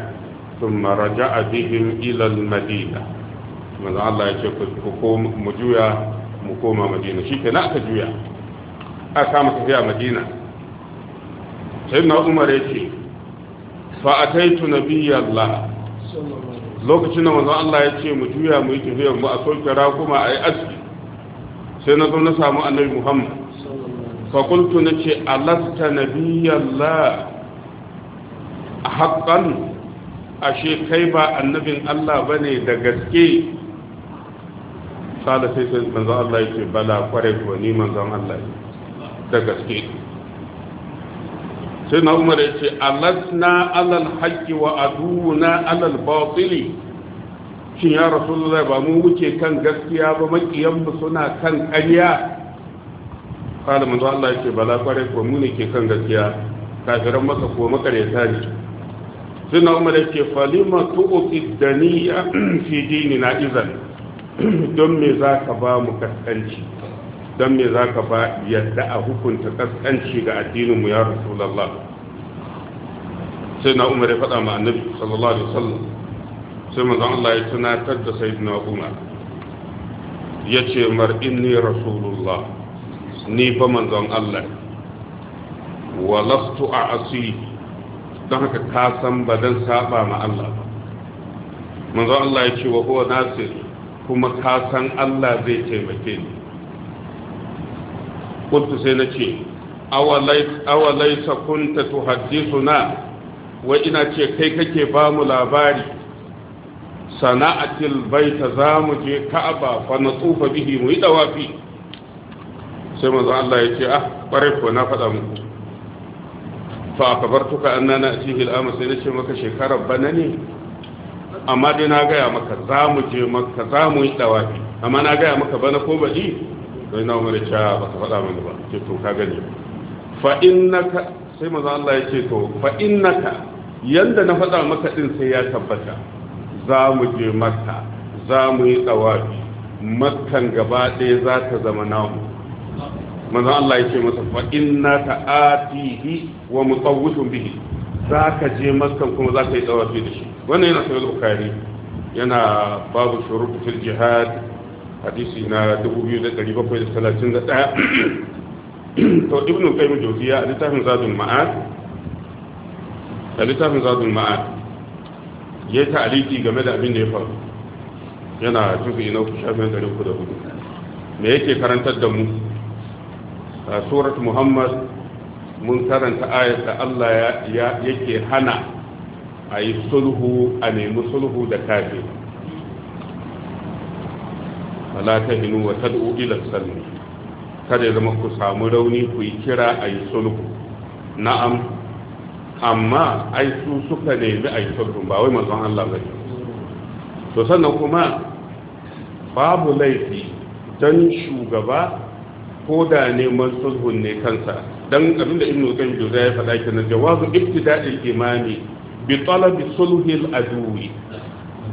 sun maraja a bihin ilal madina manzo Allah ya ce mu juya mu koma madina shi ke na aka juya a kama tafiya madina sai na umar ya ce fa'ataitu nabiyallah lokacin da manzon Allah ya ce mu juya mu yi tafiyar mu a soke kuma a yi aski sai na zo na samu annabi Muhammad fakultu na ce alasta a haqqan ashe kai ba annabin Allah ne da gaske sala sai manzon Allah ya ce bala kware ni manzon Allah da gaske sai na umar ya ce alasna alal haƙƙi wa aduna alal batili shin ya rasulullah ba mu wuce kan gaskiya ba makiyanmu suna kan ƙarya kala manzo Allah yake bala kware ko mu ne ke kan gaskiya kafiran maka ko makaryata ne sai na umar ce falima tu'ti daniya fi dinina idan don me za ka ba mu kaskanci don me za ka ba yadda a hukunta kaskanci ga addininmu ya rasulallah sai na umar ya faɗa ma annabi sallallahu alaihi wasallam sai manzon Allah ya tunatar da sayyidina umar ya ce mar inni rasulullah ni ba manzon Allah wa lastu a'si don haka ka san ba dan saba ma Allah ba manzon Allah ya ce wa huwa nasir kuma ka san Allah zai taimake ni kuntu sai na ce awa laisa kunta tuhaddithuna wa ina ce kai kake ba mu labari sana'atil baita za mu je ka'aba fa tsufa bihi mu yi dawafi sai manzo Allah ya ce ah bare na faɗa muku fa akabartuka annana atihi al'ama sai na ce maka shekarar bana ne amma dai na gaya maka za mu yi amma na gaya maka bana ko baɗi sai na umar ya ba ka faɗa mana ba ce to ka gani fa innaka sai maza Allah ya ce to fa innaka yanda na faɗa maka din sai ya tabbata za mu je makka za mu yi tsawafi makkan gaba ɗaya za ta zama namu maza Allah ya ce masa fa innaka atihi wa mutawwifun bihi za ka je makkan kuma za ka yi tsawafi da shi wannan yana sayar bukari yana babu shuruɗ fil jihad hadisi na 2731 to ibn qayyim jawziya a littafin zadul ma'ad a littafin zadul ma'ad ya yi ta'aliki game da abin da ya faru yana jufi na uku shafin da uku da hudu me yake karantar da mu a surat muhammad mun karanta ayat da allah yake hana a yi sulhu a nemi sulhu da kafin fala ta hinu wa tad'u ila salmi kada ya zama ku samu rauni ku yi kira a yi sulhu na'am amma ai su suka nemi a yi sulhu ba wai manzon Allah ba to sannan kuma babu laifi dan shugaba ko da neman sulhun ne kansa dan abinda ibn qayyim juza ya faɗa kenan jawazu ibtida'il imami bi talabi sulhil adwi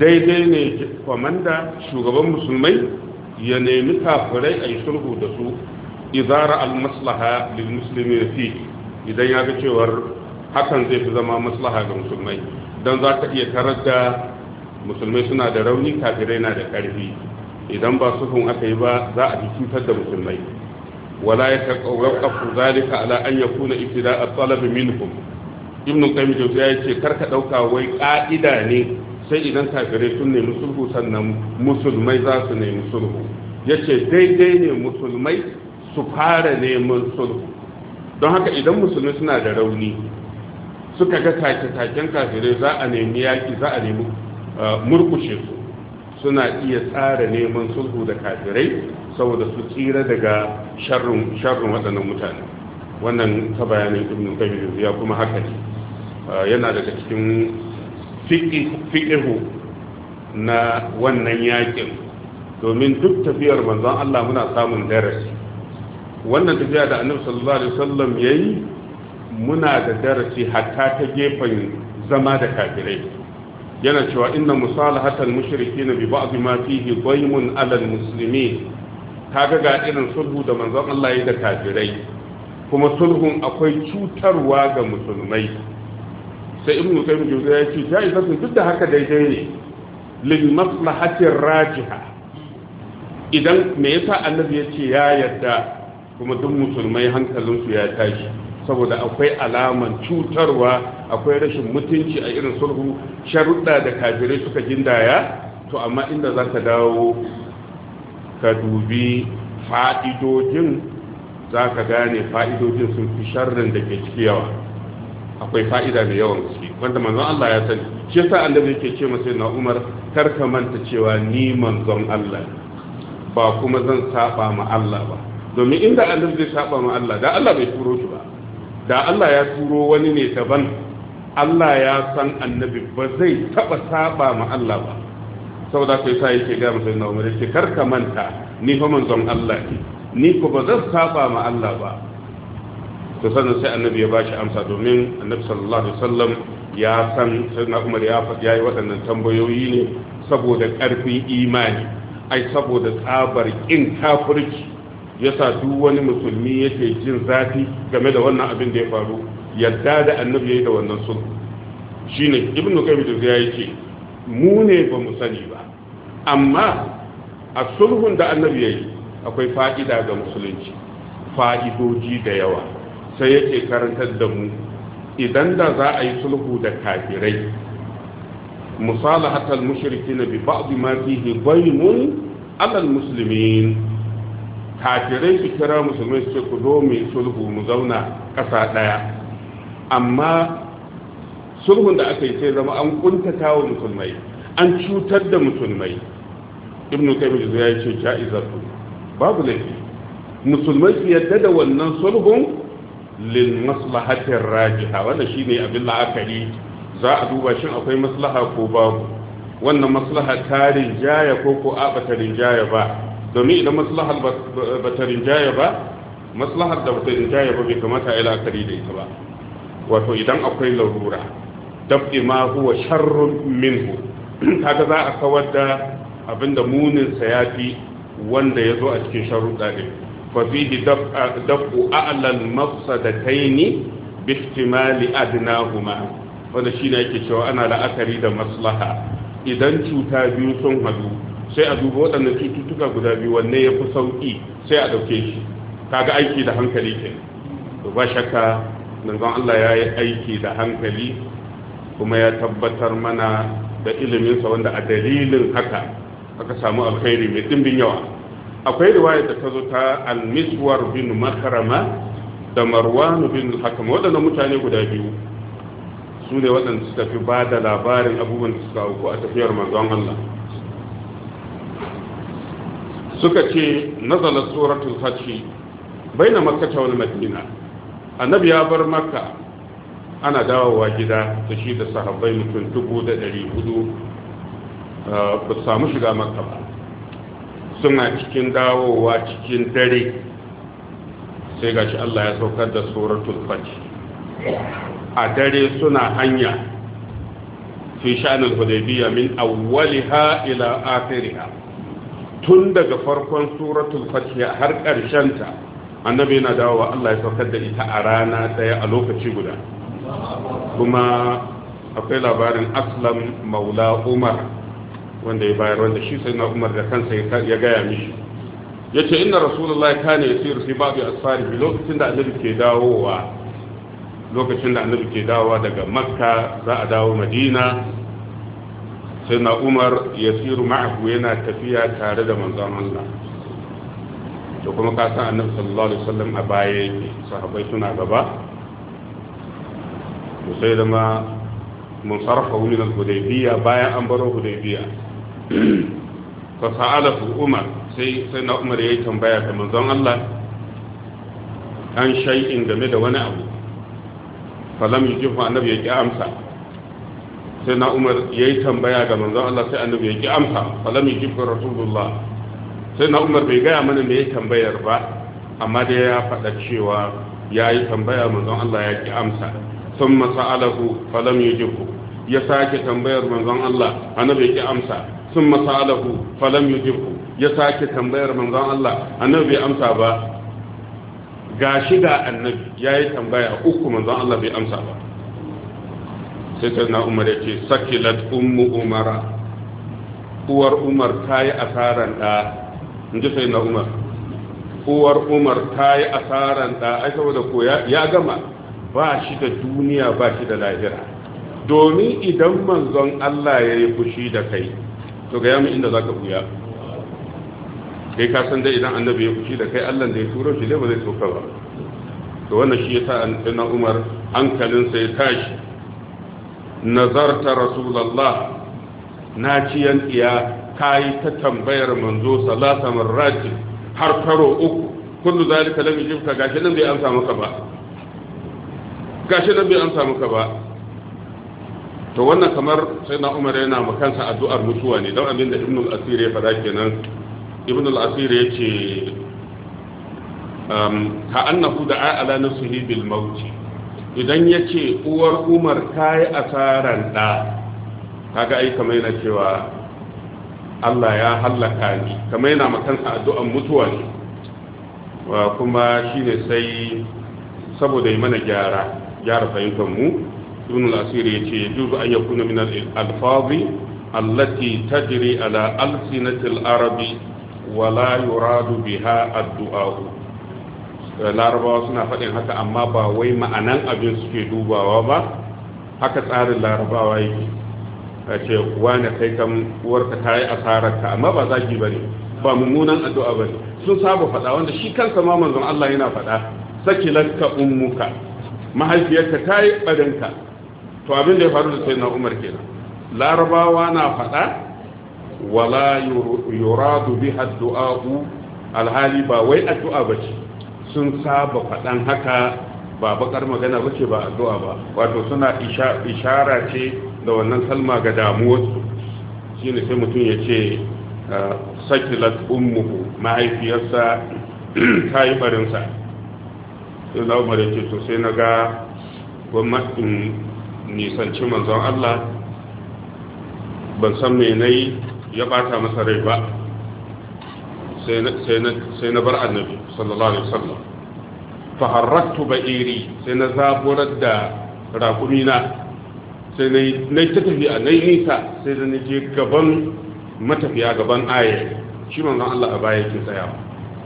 daidai ne manda shugaban musulmai ya nemi kafirai a yi sulhu da su izara al-maslaha lil muslimin fi idan ya ga cewar hakan zai fi zama maslaha ga musulmai dan za ka iya tarar da musulmai suna da rauni kafirai na da karfi idan ba sulhun aka yi ba za a fi cutar da musulmai wala ya taqawwaqu zalika ala an yakuna ibtida'a talab minhum ibn qayyim jawziya yace karka dauka wai ka'ida ne sai idan kafirai sun nemi sulhu sannan musulmai za su nemi sulhu ya ce daidai ne musulmai su fara neman sulhu don haka idan musulmi suna da rauni suka ga take-taken kafirai za a nemi yaƙi za a nemi uh, murkushe su suna iya tsara neman sulhu da kafirai saboda su tsira daga sharrun waɗannan mutane wannan ta bayanin ibn ya kuma haka ne uh, yana daga cikin fiƙihu na wannan yakin domin duk tafiyar manzon Allah muna samun darasi wannan tafiya da annabi sallallahu alaihi wasallam yayi muna da darasi hatta ta gefen zama da kafirai yana cewa inna musalahatal mushrikeena bi ba'd ma fihi dhaymun 'ala al-muslimin kaga ga irin sulhu da manzon Allah yayi da kafirai kuma sulhun akwai cutarwa ga musulmai sai ibn qayyim juza ya ce fa duk da haka daidai ne lil maslahati rajiha idan me yasa annabi ya ce ya yarda kuma duk musulmai su ya tashi saboda akwai alaman cutarwa akwai rashin mutunci a irin sulhu sharuɗa da kafirai suka gindaya to amma inda za ka dawo ka dubi fa'idojin za ka gane fa'idojin sun fi sharrin da ke ciki yawa akwai fa'ida mai yawan gaske wanda manzon Allah ya sani shi yasa annabi yake ce masa na Umar kar ka manta cewa ni manzon Allah ba kuma zan saba ma Allah ba domin inda annabi zai saba ma Allah da Allah bai turo shi ba da Allah ya turo wani ne daban Allah ya san annabi ba zai taba saba ma Allah ba saboda kai sa yake ga masa na Umar yake kar ka manta ni fa manzon Allah ne ni ko ba zan saba ma Allah ba to sannan sai annabi ya bashi amsa domin annabi sallallahu alaihi wasallam ya san sayyidina Umar ya faɗi yayi waɗannan tambayoyi ne saboda ƙarfin imani ai saboda tsabar kin kafirci yasa duk wani musulmi yake jin zafi game da wannan abin da ya faru yadda da annabi yayi da wannan sulhu shine ibnu qayyim da ya ce mu ne ba mu sani ba amma a sulhun da annabi yayi akwai fa'ida ga musulunci fa'idoji da yawa sai yake karantar da mu idan da za a yi sulhu da kafirai musalahatal mushrikin bi ba'di ma fihi baynun ala muslimin kafirai su kira musulmai su ce ku zo mu sulhu mu zauna ƙasa ɗaya amma sulhun da aka yi sai zama an kuntata wa musulmai an cutar da musulmai ibnu kaimiyya zai ya ce ja'izatu babu laifi musulmai su yadda da wannan sulhun lil maslahatin rajiha wannan ne abin la'akari za a duba shin akwai maslaha ko babu wannan maslaha ta rinjaya ko ko a bata rinjaya ba domin idan maslahar bata rinjaya ba maslahar da bata rinjaya ba bai kamata a yi la'akari da ita ba wato idan akwai larura dab'i ma huwa sharrun minhu kaga za a kawar da abin da muninsa ya fi wanda ya zo a cikin sharuɗa ɗin ففيه دفع دفع أعلى المفسدتين باحتمال أدناهما wanda shi ne yake cewa ana la'akari da maslaha idan cuta biyu sun hadu sai a duba waɗanda cututtuka guda biyu wanne ya fi sauƙi sai a ɗauke shi kaga aiki da hankali ke to ba shakka manzon Allah ya yi aiki da hankali kuma ya tabbatar mana da iliminsa wanda a dalilin haka aka samu alkhairi mai ɗimbin yawa akwai riwaya da ta zo ta almiswar bin makarama da marwan bin Hakama, waɗannan mutane guda biyu su ne waɗanda suka fi ba da labarin abubuwan da suka auku a tafiyar mazan Allah suka ce nazala suratul hajji baina na ta wani madina annabi ya bar maka. ana dawowa gida da shi da sahabbai mutum dubu da ɗari hudu uh, ba su samu shiga makka ba suna cikin dawowa cikin dare sai gashi Allah ya saukar da suratul fatih a dare suna hanya fi shanin hudaybiyya min awwaliha ila akhiriha tun daga farkon suratul fatih har ƙarshen ta annabi yana dawowa Allah ya saukar da ita a rana daya a lokaci guda kuma akwai labarin aslam maula umar wanda ya bayar wanda shi sai na umar da kansa ya gaya mishi ya ce inna rasulullah ka kane ya sirri babu asfari lokacin da annabi ke dawowa lokacin da annabi ke dawowa daga makka za a dawo madina sai na umar ya siru ma'ahu yana tafiya tare da manzon allah to kuma ka san annabi sallallahu alaihi wasallam a baya yake sahabbai suna gaba to sai da ma mun sarfa min al-hudaybiyya bayan an baro hudaybiyya fa sa'alahu umar sai sai na umar yayi tambaya ga manzon Allah an shay'in game da wani abu lam yujibu annabi ya ki amsa sai na umar yayi tambaya ga manzon Allah sai annabi ya ki amsa lam yujibu rasulullah sai na umar bai gaya mana me tambayar ba amma dai ya faɗa cewa ya yi tambaya manzon Allah ya ki amsa sun masa'alahu falam jiku ya sake tambayar manzon Allah annabi ya ki amsa sun masalahu falam yujibu ya sake tambayar manzon Allah annabi bai amsa ba ga shi da annabi ya yi tambaya uku manzon Allah bai amsa ba sai sayyidina Umar ce sakilat ummu umara uwar Umar tayi asaran da inji sayyidina Umar uwar Umar tayi asaran da ai saboda ko ya gama ba shi da duniya ba shi da lahira domin idan manzon Allah ya yi fushi da kai to ga mu inda zaka buya kai ka san dai idan annabi ya fushi da kai Allah da ya turo shi dai ba zai soka ba to wannan shi yasa annabi Umar hankalin sa ya tashi nazarta rasulallah na ciyan iya yi ta tambayar manzo salasa marrati har karo uku kullu zalika lam yujibka gashi nan bai amsa maka ba gashi nan bai amsa maka ba to wannan kamar sai na umar yana kansa addu'ar mutuwa ne don abinda ibn al-asir ya faɗa kenan ibn al-asir ya ce ka annahu da ala nafsihi bil mauti idan ya ce uwar umar ta yi asaran ɗa kaga ai kamar yana cewa Allah ya hallaka ni kamar yana kansa addu'ar mutuwa ne kuma shine sai saboda yi mana gyara gyara fahimtar mu ibn al-asir yace yajuzu an yakuna min al-alfazi allati tajri ala alsinati al-arabi wa la yuradu biha ad-du'a eh, larabawa suna faɗin haka amma ba wai ma'anan abin suke dubawa ba haka tsarin larabawa yake a ce wane kai kan uwarka ta yi asararka amma ba zagi ba ne ba mummunan addu'a ba ne sun saba faɗa wanda shi kansa ma manzon Allah yana faɗa sakilanka ummuka mahaifiyarka ta yi ɓarinka to abin da ya faru da sai na umar kenan larabawa na faɗa wala yuradu bi addu'a alhali ba wai addu'a ce sun saba faɗan haka ba bakar magana ba ce ba addu'a ba wato suna ishara ce da wannan salma ga damuwarsu shine sai mutum ya ce ah, sakilat ummuhu mahaifiyarsa ta yi barinsa sai na umar ya ce to sai na ga nisanci manzon Allah ban san me nayi ya bata masa rai ba sai na bar annabi sallallahu alaihi wasallam fa harraktu ba'iri sai na zaburar da na sai na yi ta tafiya a nai nisa sai da na je gaban matafiya gaban aya shi manzon Allah a baya yake tsayawa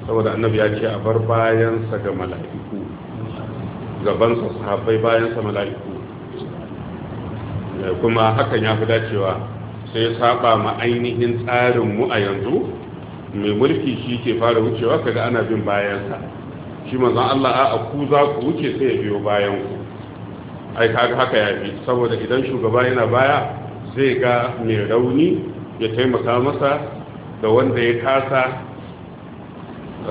saboda annabi ya ce a bar bayansa ga mala'iku gabansa sahabbai bayansa mala'iku Eh, kuma hakan ya fi dacewa sai ya saba ma ainihin tsarin mu a yanzu mai mulki shi ke fara wucewa kaga ana bin bayansa shi manzan Allah a ku za ku wuce sai ya biyo bayan ku ai kaga haka ya fi saboda idan shugaba yana baya zai ga mai rauni ya taimaka masa da wanda ya kasa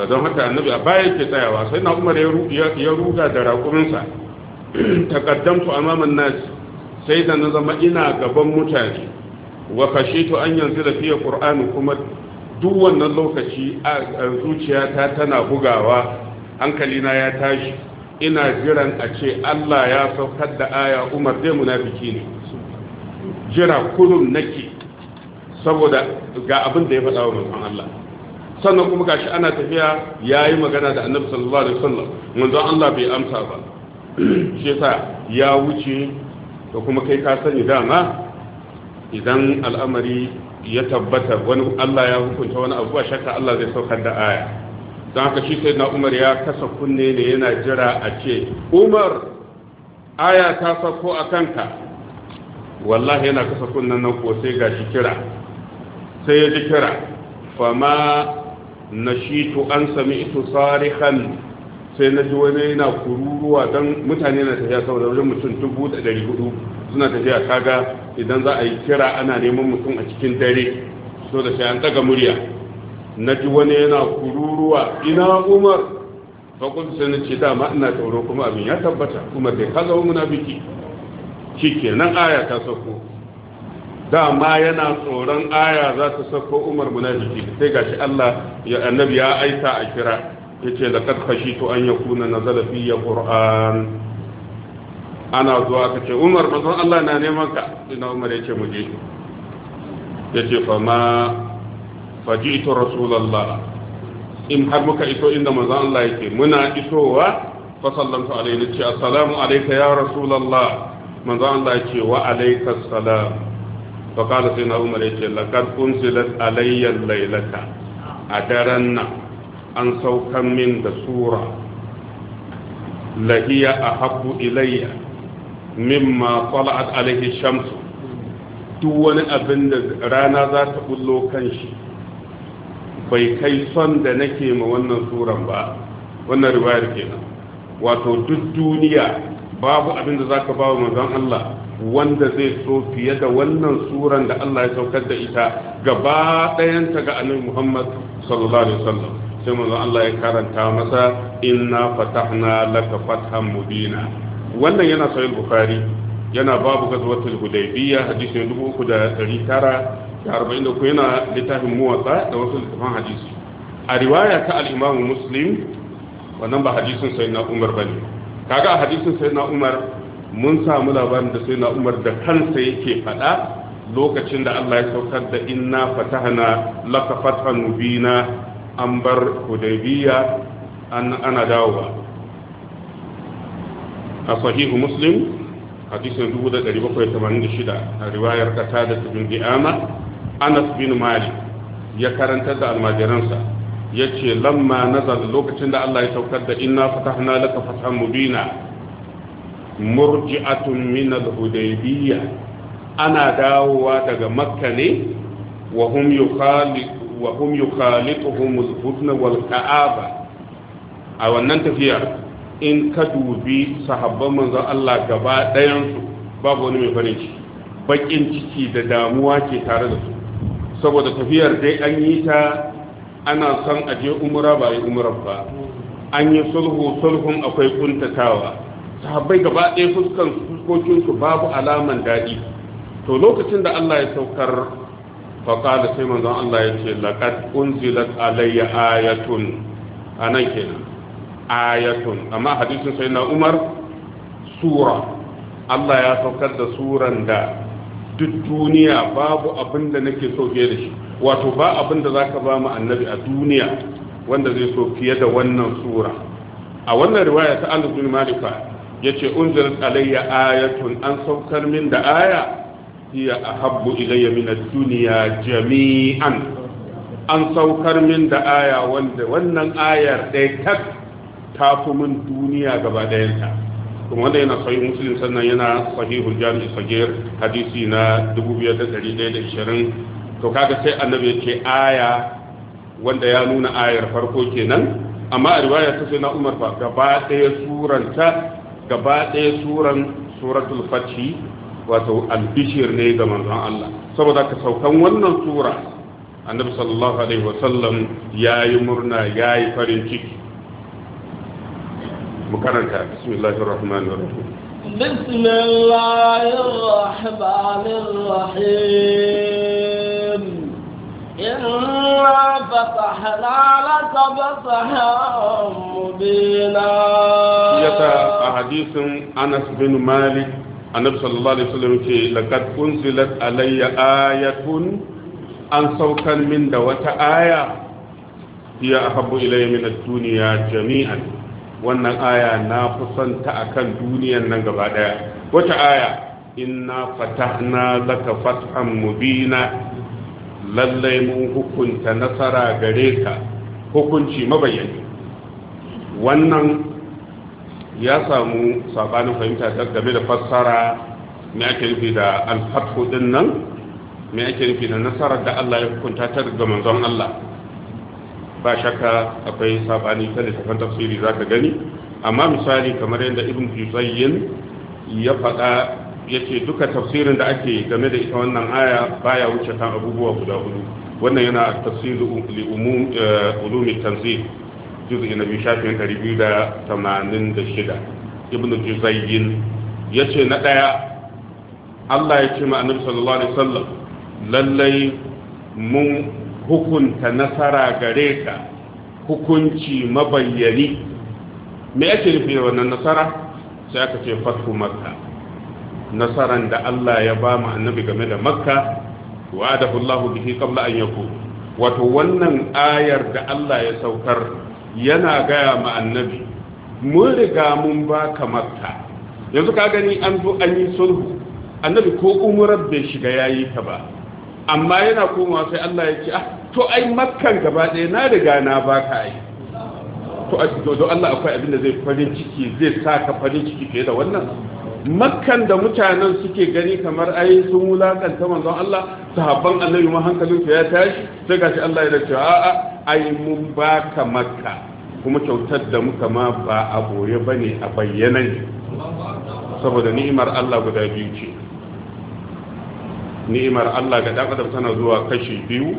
eh, don haka annabi a baya ke tsayawa sai na umar ya ruga da raƙuminsa takaddamtu amaman nasi sai da na zama ina gaban mutane wa to an yanzu da fiye ƙur'ani kuma duk wannan lokaci a zuciyata tana bugawa hankalina ya tashi ina jiran a ce Allah ya saukar da aya Umar muna munafiki ne jira kullum nake saboda ga abin da ya faɗa wa mafan Allah sannan kuma gashi ana tafiya ya yi magana da Annabi sallallahu alaihi wasallam manzon Allah bai amsa ba shi yasa ya wuce to kuma kai ka sani dama idan al'amari ya tabbata wani Allah ya hukunta wani abu ba shakka Allah zai saukar da aya don haka shi sai na Umar ya kasa kunne ne yana jira a ce Umar aya ta sako a kanka wallahi yana kasa kunnen nan ko sai shi kira sai ya ji kira fama nashitu an sami ito sarihan sai na ji wani yana kururuwa don mutane na tafiya saboda wajen mutum dubu da dari hudu suna tafiya kaga idan za a yi kira ana neman mutum a cikin dare so da sai an daga murya na ji wani yana kururuwa ina umar fakul sai na ce dama ina tauro kuma abin ya tabbata umar bai kaza wa ke nan aya ta sako dama yana tsoron aya za ta sako umar biki sai gashi Allah ya annabi ya aita a kira Ya yace laqad khashitu an ya yakuna nazala fi qur'an ana zuwa ka ce Umar bazan Allah na neman ka ina Umar ya ce mu je Ya ce fa ma fajitu rasulullah in har muka iso inda manzon Allah yake muna isowa fa sallamtu alayhi ce assalamu alayka ya rasulullah manzon Allah yace wa alayka assalam fa qala sayyidina Umar ya yace laqad unzilat alayya laylata a daren nan an saukan min da sura lahiya a haɓu ilayya mimma tsala'at alaihi shamsu duk wani abin da rana za ta bullo kan shi bai kai son da nake ma wannan suran ba wannan riwayar kenan wato duk duniya babu abin da za ka ba wa manzon Allah wanda zai so fiye da wannan suran da Allah ya saukar da ita gaba ɗayanta ga annabi Muhammad sallallahu alaihi wasallam sai manzo Allah ya karanta masa inna fatahna laka fathan mubina wannan yana sahih bukhari yana babu gazwatul hudaybiyya hadisi 3943 yana littafin muwatta da wasu littafan hadisi a riwaya ta al-imam muslim wannan ba hadisin sayyidina umar bane kaga a hadisin sayyidina umar mun samu labarin da sayyidina umar da kansa yake faɗa lokacin da Allah ya saukar da inna fatahna laka fathan mubina an bar hudaybiya ana dawowa a sahihu muslim hadisin 1786 a riwayar kasa da tabin ana anas bin mali ya karantar da almajiransa ya ce lamma nazar lokacin da allah ya saukar da inna fatahna laka fatahan mubina murji'atun min al-hudaybiyya ana dawowa daga makka ne wa hum yukhali wa hum yukhaliquhum al-hudna wal ka'aba a wannan tafiyar in ka dubi sahabban manzon Allah gaba ɗayan babu wani mai farin ciki bakin ciki da damuwa ke tare da su saboda tafiyar dai an yi ta ana san a je umra ba yi umra ba an yi sulhu sulhun akwai kuntatawa sahabbai gaba ɗaya fuskan fuskokinsu babu alaman daɗi to lokacin da Allah ya saukar faƙaɗa sai manzon Allah ya ce laƙad unzilat alayya ayatun a nan kenan ayatun amma hadisin sai na umar sura Allah ya saukar da suran da duk duniya babu abin da nake so fiye da shi wato ba abin da za ka ba mu annabi a duniya wanda zai so fiye da wannan sura a wannan riwaya ta Anas bin Malik ya ce unzilat alayya ayatun an saukar min da aya hiya ahabbu ilayya min ad-dunya jami'an an saukar min da aya wanda wannan ayar dai tak ta fi min duniya gaba ɗayanta kuma wanda yana sahih muslim sannan yana sahihul jami'i sagir hadisi na 2120 to kaga sai annabi yake aya wanda ya nuna ayar farko kenan amma a riwaya ta sai na Umar fa gaba ɗaya suranta gaba ɗaya suran suratul fathi wato albishir ne ga manzon Allah saboda ka saukan wannan sura annabi sallallahu alaihi wasallam yayi murna yayi farin ciki mu karanta bismillahir rahmanir rahim بسم الله الرحمن الرحيم إنا فتحنا لك فتحا مبينا يتا حديث أنس بن مالك annabi sallallahu alaihi wasallam ce laqad unzilat alayya ayatun an saukan min da wata aya hiya ahabbu ilayya min ad-dunya jami'an wannan aya na kusanta akan duniyan nan gaba daya wata aya inna fatahna laka fathan mubina lallai mun hukunta nasara gare ka hukunci mabayyani wannan ya samu sabanin fahimta game da fassara me ake nufi da alfatku din nan me ake nufi da nasarar da Allah ya hukunta ta ga manzon Allah ba shakka akwai sabani ta littafin tafsiri zaka gani amma misali kamar yadda ibn Juzayyin ya faɗa yace duka tafsirin da ake game da ita wannan aya baya wuce kan abubuwa guda hudu wannan yana tafsirin li umum eh, juz'i na biyu shafin Ibn ibnu ya ce na ɗaya, Allah ya ce ma annabi sallallahu alaihi wasallam lallai mun hukunta nasara gare ka hukunci mabayyani me ake nufi da wannan nasara sai aka ce fathu makka nasaran da Allah ya ba mu annabi game da makka wa'adahu Allah bihi qabla an yakun wato wannan ayar da Allah ya saukar yana gaya ma annabi mun riga mun ba ka makka yanzu ka gani an zo an yi sulhu annabi ko umurar bai shiga yayi ta ba amma yana komawa sai Allah ya ce ah to ai makkan gaba ɗaya na riga na ba ka ai to a don Allah akwai abin da zai farin ciki zai sa ka farin ciki fiye da wannan makkan da mutanen suke gani kamar ai sun wulakanta manzon Allah sahabban annabi ma hankalin su ya tashi sai gashi Allah ya dace a a ai mun baka makka kuma kyautar da muka ma ba a boye bane a bayyana saboda ni'imar Allah guda biyu ce ni'imar Allah ga dan tana zuwa kashi biyu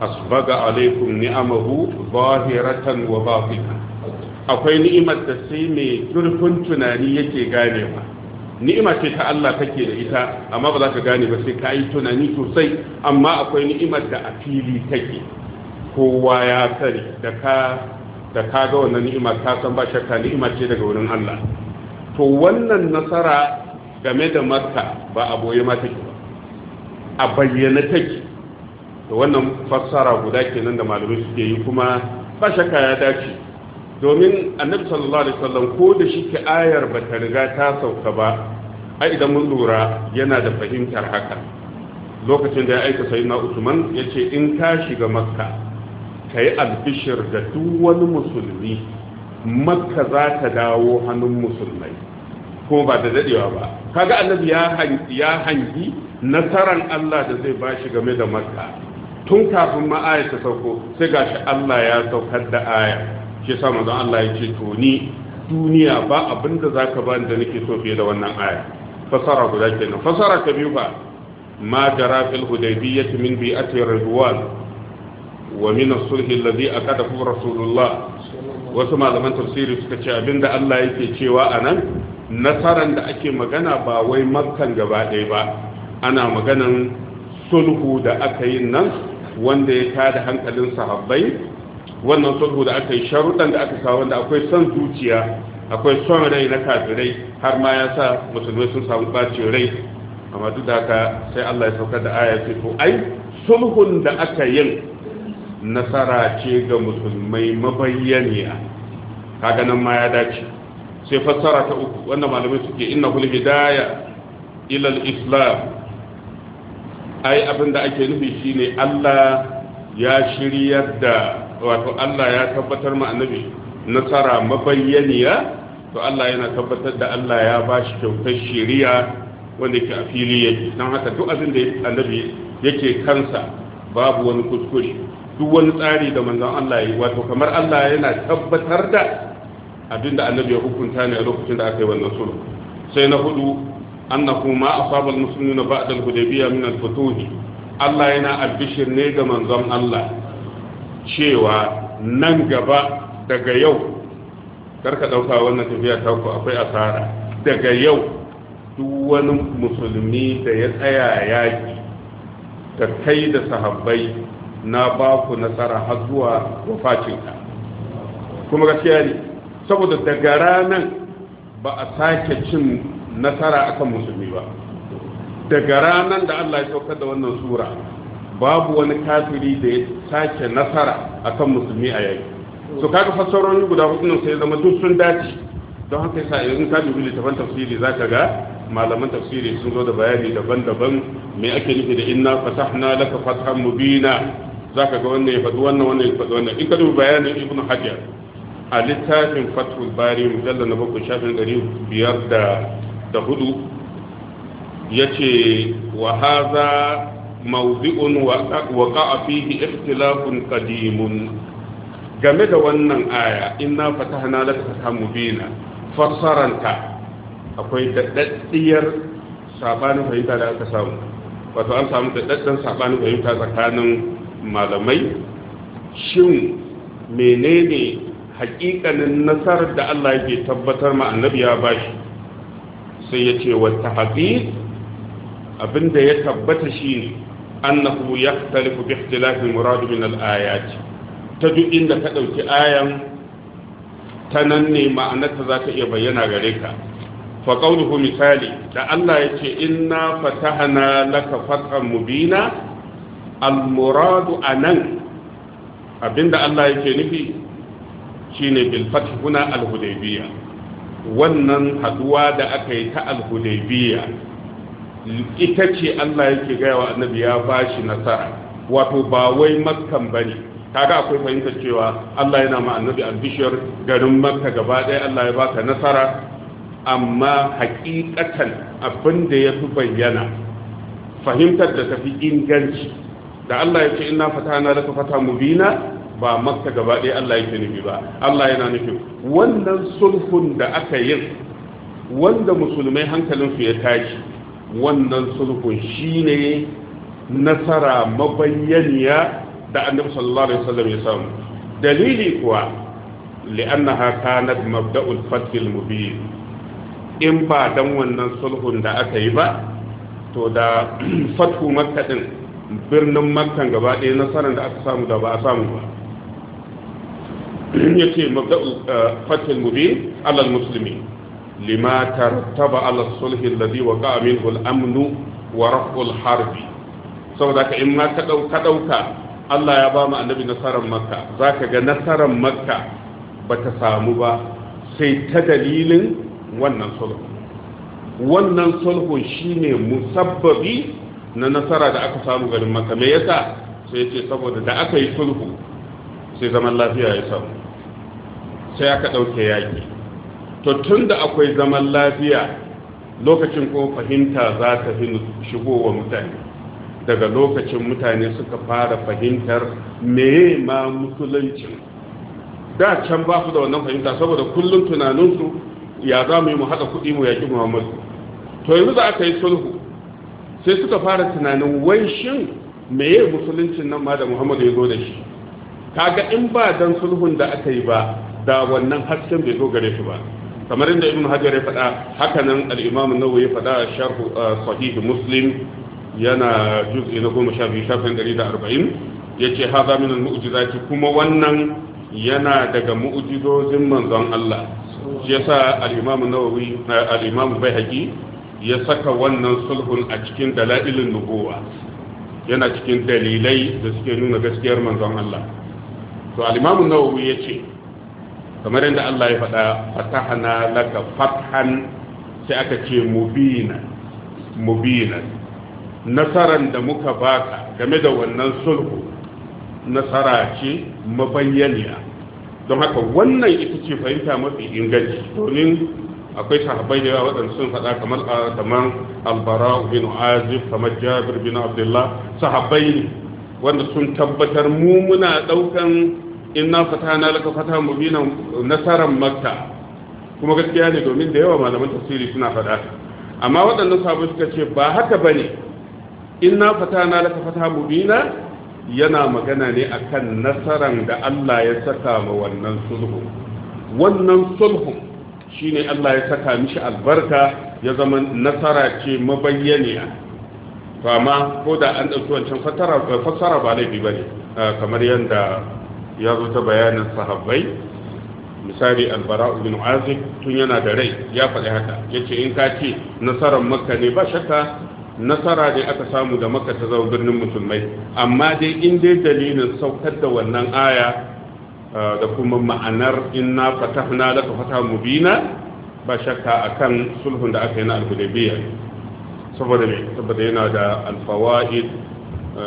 asbaga alaikum ni'amahu zahiratan wa batinan akwai ni'imar da sai mai zurfin tunani yake gane ba ni'ima ce ta Allah kake da ita amma ba za ka gane ba sai ka yi tunani sosai amma akwai ni'imar da a fili take kowa ya sani da ka da ka ga wannan ni'ima ka san ba shakka ni'ima ce daga wurin Allah to wannan nasara game da Makka ba a boye ma take ba a bayyana take to wannan fassara guda kenan da malamai suke yi kuma ba shakka ya dace domin annabi sallallahu alaihi wasallam ko da shi ke ayar bata riga ta sauka ba ai idan mun lura yana da fahimtar haka lokacin da ya aika sayyidina Usman yace in ka shiga Makka kai albishir da duk wani musulmi Makka za ta dawo hannun musulmai ko ba da dadewa ba kaga annabi ya ya hangi nasaran Allah da zai ba shi game da Makka tun kafin ma sauko sai gashi Allah ya saukar da aya ke sa mazan Allah ya ce to ni duniya ba abin da za ka bani da nake so fiye da wannan aya fasara guda kenan fasara ta biyu ba ma jara fil hudaybiyyah min bi'ati ridwan wa min as-sulh alladhi aqadahu rasulullah wasu malaman tafsiri suka ce abinda Allah yake cewa anan nasaran da ake magana ba wai makkan gaba ɗaya ba ana maganan sulhu da aka yi nan wanda ya tada hankalin sahabbai wannan sulhu da aka yi sharuɗan da aka sa wanda akwai son zuciya akwai son rai na kafirai har ma ya sa musulmai sun samu bacin rai amma duk da haka sai Allah ya saukar da aya ce ko ai sulhun da aka yin nasara ce ga musulmai mabayyaniya kaga nan ma ya dace sai fassara ta uku wanda malamai suke kuli hidaya ila al-islam ai abinda ake nufi shine Allah ya shiryar da wato Allah ya tabbatar ma annabi nasara mabayyaniya to Allah yana tabbatar da Allah ya ba shi kyautar shiriya wanda ke a fili yake don haka duk abin da annabi yake kansa babu wani kuskure duk wani tsari da manzon Allah yi wato kamar Allah yana tabbatar da abin da annabi ya hukunta ne a lokacin da aka yi wannan sulhu sai na hudu annahu ma asaba al-muslimina ba'da al-hudaybiyya min al-futuhi Allah yana albishir ne ga manzon Allah cewa nan gaba daga yau karka ɗauka wannan tafiya ta ku akwai asara daga yau duk wani musulmi da ya tsaya yaƙi da kai da sahabbai na baku nasara har zuwa wafacinka kuma gaskiya ne saboda daga ranar ba a sake cin nasara akan musulmi ba daga ranar da Allah ya saukar da wannan sura babu wani kafiri da ya sake nasara kan musulmi a yaki so kaga fassaroni guda hudu ne sai zama duk sun dace don haka yasa yanzu ka dubi littafin tafsiri zaka ga malaman tafsiri sun zo da bayani daban-daban me ake nufi da inna fatahna laka fathan mubina ka ga wannan ya faɗi wannan wannan ya faɗi wannan in ka dubi bayanin ibnu hajar a littafin fathul bari mujalla na bakwai shafin ɗari biyar da da hudu ya ce wa haza mawdi'un waqa'a fihi ikhtilafun qadimun game da wannan aya inna fatahna laka bina? mubina fassaranta akwai daddaddiyar sabanin fahimta da aka samu wato an samu daddaddin sabanin fahimta tsakanin malamai shin menene hakikanin nasarar da Allah yake tabbatar ma annabi ya bashi sai ya ce wata haƙi abinda ya tabbata shine annahu yaktalifu bi ikhtilafi muradu min al-ayat ta duk inda ka dauki ayan ta nan ne ma'anarta za iya bayyana gare ka fa qawluhu misali da Allah yace inna fatahna laka fathan mubina al-muradu anan abinda Allah yake nufi shine bil fath huna al-hudaybiyah wannan haduwa da aka yi ta al-hudaybiyah ita ce Allah yake gaya wa annabi ya bashi nasara wato ba wai makkan bane kaga akwai fahimtar cewa Allah yana ma annabi albishir garin makka gaba ɗaya Allah ya baka nasara amma hakikatan abin da ya fi bayyana fahimtar da tafi inganci da Allah ya ce inna fatana laka fata mubina ba makka gaba ɗaya Allah yake nufi ba Allah yana nufin wannan sulhun da aka yi wanda musulmai hankalinsu ya tashi wannan sulhun shine nasara mabayyaniya da annabi sallallahu alaihi wasallam ya samu dalili kuwa li'annaha kanat mabda'ul fath mubin in ba dan wannan sulhun da aka yi ba to da fathu makka din birnin makka gaba ɗaya nasarar da aka samu da ba a samu ba yace mabda'ul eh, fath mubin alal muslimin لما ترتب على الصلح الذي وقع منه الامن ورفع الحرب saboda in ma ka dauka Allah ya ba mu annabi nasarar makka zaka ga nasarar makka bata samu ba sai ta dalilin wannan sulhu wannan sulhu shine musabbabi na nasara da aka samu garin makka me yasa sai yace saboda da aka yi sulhu sai zaman lafiya ya samu sai aka ɗauke yaƙi. to tun da akwai zaman lafiya lokacin ko fahimta za ta fi shigowa mutane daga lokacin mutane suka fara fahimtar meye ma musuluncin da can ba su da wannan fahimta saboda kullum tunaninsu ya za mu yi mu haɗa kuɗi mu yaƙi muhammadu to yanzu za aka yi sulhu sai suka fara tunanin wai shin meye musuluncin nan ma da muhammadu ya zo da shi kaga in ba dan sulhun da aka yi ba da wannan hasken bai zo gare su ba kamar inda ibn hajar ya faɗa hakanan al-imam an ya faɗa sharh sahih muslim yana juz'i na 12 shafin da arba'in ya ce hadha min al-mu'jizati kuma wannan yana daga mu'jizozin manzon Allah shi yasa al nawa an-nawawi bai eh, imam ya saka wannan sulhun a cikin dalailin nubuwa yana cikin dalilai da suke nuna gaskiyar manzon Allah to al nawa an-nawawi yace kamar yadda Allah ya faɗa fatahana laka fathan sai aka ce mubina mubina nasaran da muka baka game da wannan sulhu nasara ce mabayyaniya don haka wannan ita ce fahimta mafi inganci domin akwai sahabbai da waɗanda sun faɗa kamar ah, kamar albara bin azif kamar jabir bin abdullah sahabbai ne wanda sun tabbatar mu muna ɗaukan inna fatana laka fata mubina nasaran makka kuma gaskiya ne domin da yawa malaman tafsiri suna faɗa amma waɗannan sabo suka ce ba haka bane inna fatana laka fata mubina yana magana ne akan nasaran da Allah ya saka ma wannan sulhu wannan sulhu shine Allah ya saka mishi albarka ya zama nasara ce mabayyaniya to amma ko da an ɗauki wancan fassara eh, ba laifi ba ne eh, kamar yadda ya zo ta bayanin sahabbai misali albara ibn azib tun yana da rai ya faɗi haka ya ce in ka ce nasarar makka ne ba shakka nasara dai aka samu da makka ta zama birnin musulmai amma dai in dai dalilin saukar da wannan aya da kuma ma'anar inna fatahna laka fataha mubina ba shakka akan sulhun da aka yi na al-hudaybiyya saboda me saboda yana da alfawaid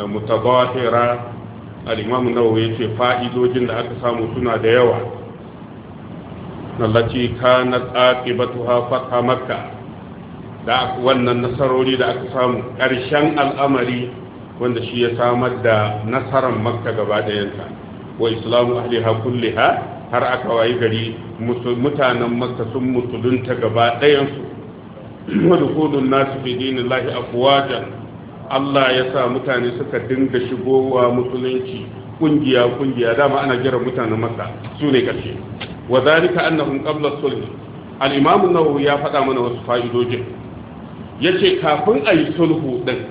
mutabahira alimamu nawa nawawi yace fa'idojin da aka samu suna da yawa na kanat batuwa fatha makka da wannan nasarori da aka samu ƙarshen al'amari wanda shi ya samar da nasarar makka gaba ɗayanta wa islamu ahliha kulliha har aka wayi gari mutanen makka sun musulunta gaba ɗayansu wa dukulun nasu fi dinillahi afwajan Allah ya sa mutane suka dinga shigowa musulunci kungiya kungiya dama ana jira mutanen Makka su ne ƙarshe. wa zalika annahum qabla sulh al-imam an-nawawi ya faɗa mana wasu fa'idojin yace kafin ayi sulhu din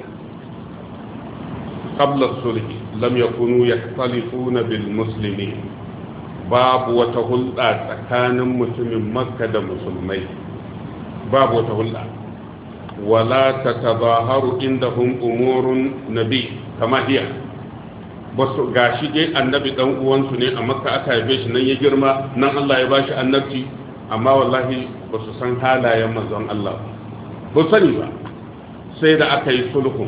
qabla sulhi lam yakunu yaktalifuna bil muslimin babu wata hulɗa tsakanin mutumin Makka da musulmai babu wata hulɗa wala tatazaharu indahum umurun nabi kama hiya basu gashi dai annabi dan uwansu ne a makka aka haife shi nan ya girma nan Allah ya bashi annabci amma wallahi basu san halayen manzon Allah ba sani ba sai da aka yi sulhu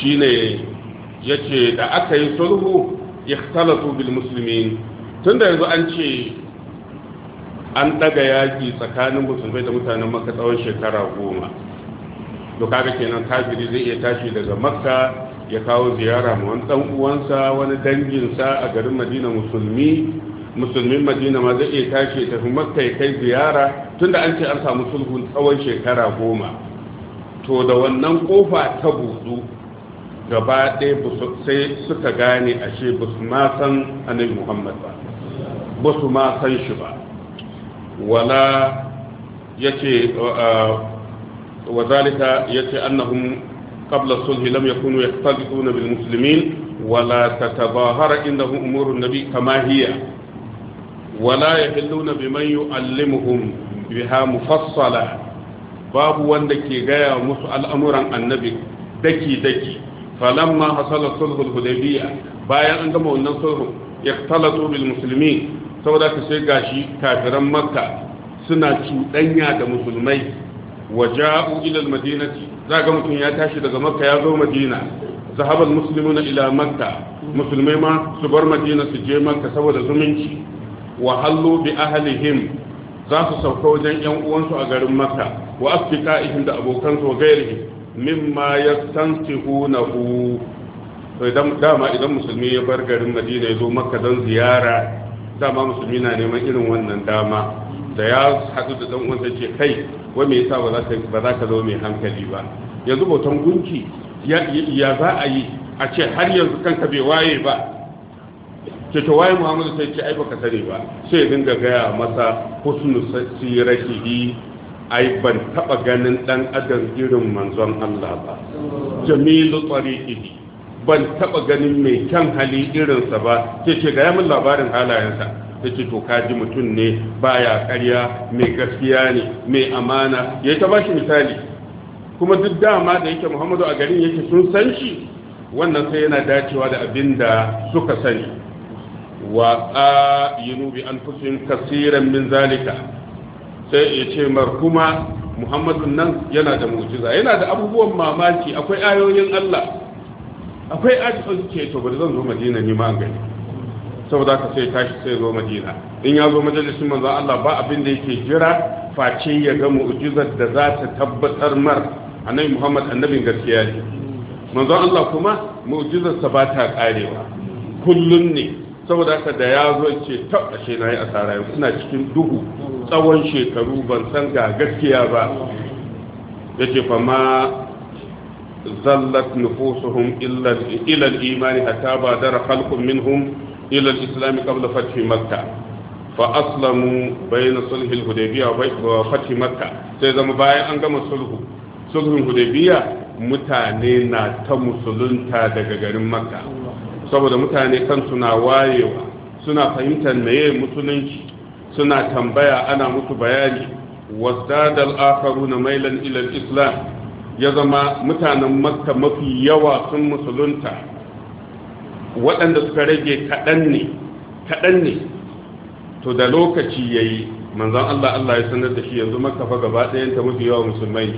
shine yace da aka yi sulhu ikhtalatu bil muslimin tunda yanzu an ce an daga yaki tsakanin musulmai da mutanen makka tsawon shekara goma to kenan kafiri zai iya tashi daga makka ya kawo ziyara ma wani dan uwansa wani danginsa a garin madina musulmi musulmin madina ma zai iya tashi ya tafi makka ya kai ziyara tunda an ce an samu sulhun tsawon shekara goma to da wannan kofa ta buɗu gaba ɗaya sai suka gane ashe ba su ma san annabi muhammad ba ba su ma san shi ba wala ya ce wa zalika ce annahun qabla sulhi lam ya ya kunu yakunu yaqtaduna bil musulmin wala ta tatabahara indahum umurun nabi kama hiya wala ya bi yahilluna biman yuallimuhum biha mufassala babu wanda ke gaya musu al'amuran annabi daki daki falamma hasala sulhul hudaybiyya bayan an gama wannan sulhu yaqtalatu bil musulmin. saboda ka sai gashi kafiran makka suna cuɗanya da musulmai waja'u ila almadinati ga mutum ya tashi daga makka ya zo madina zahabal muslimuna ila makka musulmai ma su bar madina su je makka saboda zumunci wa hallu bi ahlihim za su sauka wajen yan uwansu a garin makka wa asfiqaihim da abokansu wa gairihim mimma yastansihunahu idan dama idan musulmi ya bar garin madina ya zo makka don ziyara dama musulmi na neman irin wannan dama da ya haɗu da ɗan ce kai wai me yasa ba za ka zo mai hankali ba yanzu bautan gunki ya za a yi a ce har yanzu kanka bai waye ba ce to waye muhammadu sai ce ai baka sani ba sai ya dinga gaya masa husnu siratihi ai ban taɓa ganin ɗan adam irin manzon Allah ba jamilu tariqihi ban taba ganin mai kyan hali irinsa ba ce ce ga yamin labarin halayensa ta ce to kaji mutum ne baya karya mai gaskiya ne mai amana ya ta bashi misali kuma duk dama da yake muhammadu a garin yake sun san shi wannan sai yana dacewa da abin da suka sani wa nubi an anfusin kasiran min zalika sai ya ce mar kuma muhammadun nan yana da mu'jiza yana da abubuwan mamaki akwai ayoyin Allah akwai aji ke to bari zan zo madina ni ma gani saboda ka sai tashi sai zo madina in ya zo majalisin manzo Allah ba abin da yake jira face ya ga mu'jizar da za ta tabbatar mar annabi Muhammad annabin gaskiya ne manzo Allah kuma mu'jizar sa ba ta karewa kullun ne saboda ka da ya zo ce ta ashe na yi asara ina cikin duhu tsawon shekaru ban san ga gaskiya ba ya ce fa zallat nufusuhum ila al-imani hatta badara khalqun minhum ila al-islam qabla fath makkah fa aslamu bayna sulh al-hudaybiyah wa fath makkah sai zama bayan an gama sulhu sulhun mutane na ta musulunta daga garin makka saboda mutane kansu na wayewa suna fahimtar meye musulunci suna tambaya ana mutu bayani wasdadal akharu na mailan ilal islam ya zama mutanen makka mafi yawa sun musulunta waɗanda suka rage kaɗan ne kaɗan ne to da lokaci ya yi manzan Allah Allah ya sanar da shi yanzu makka fa gaba ɗayan ta mafi yawa musulmai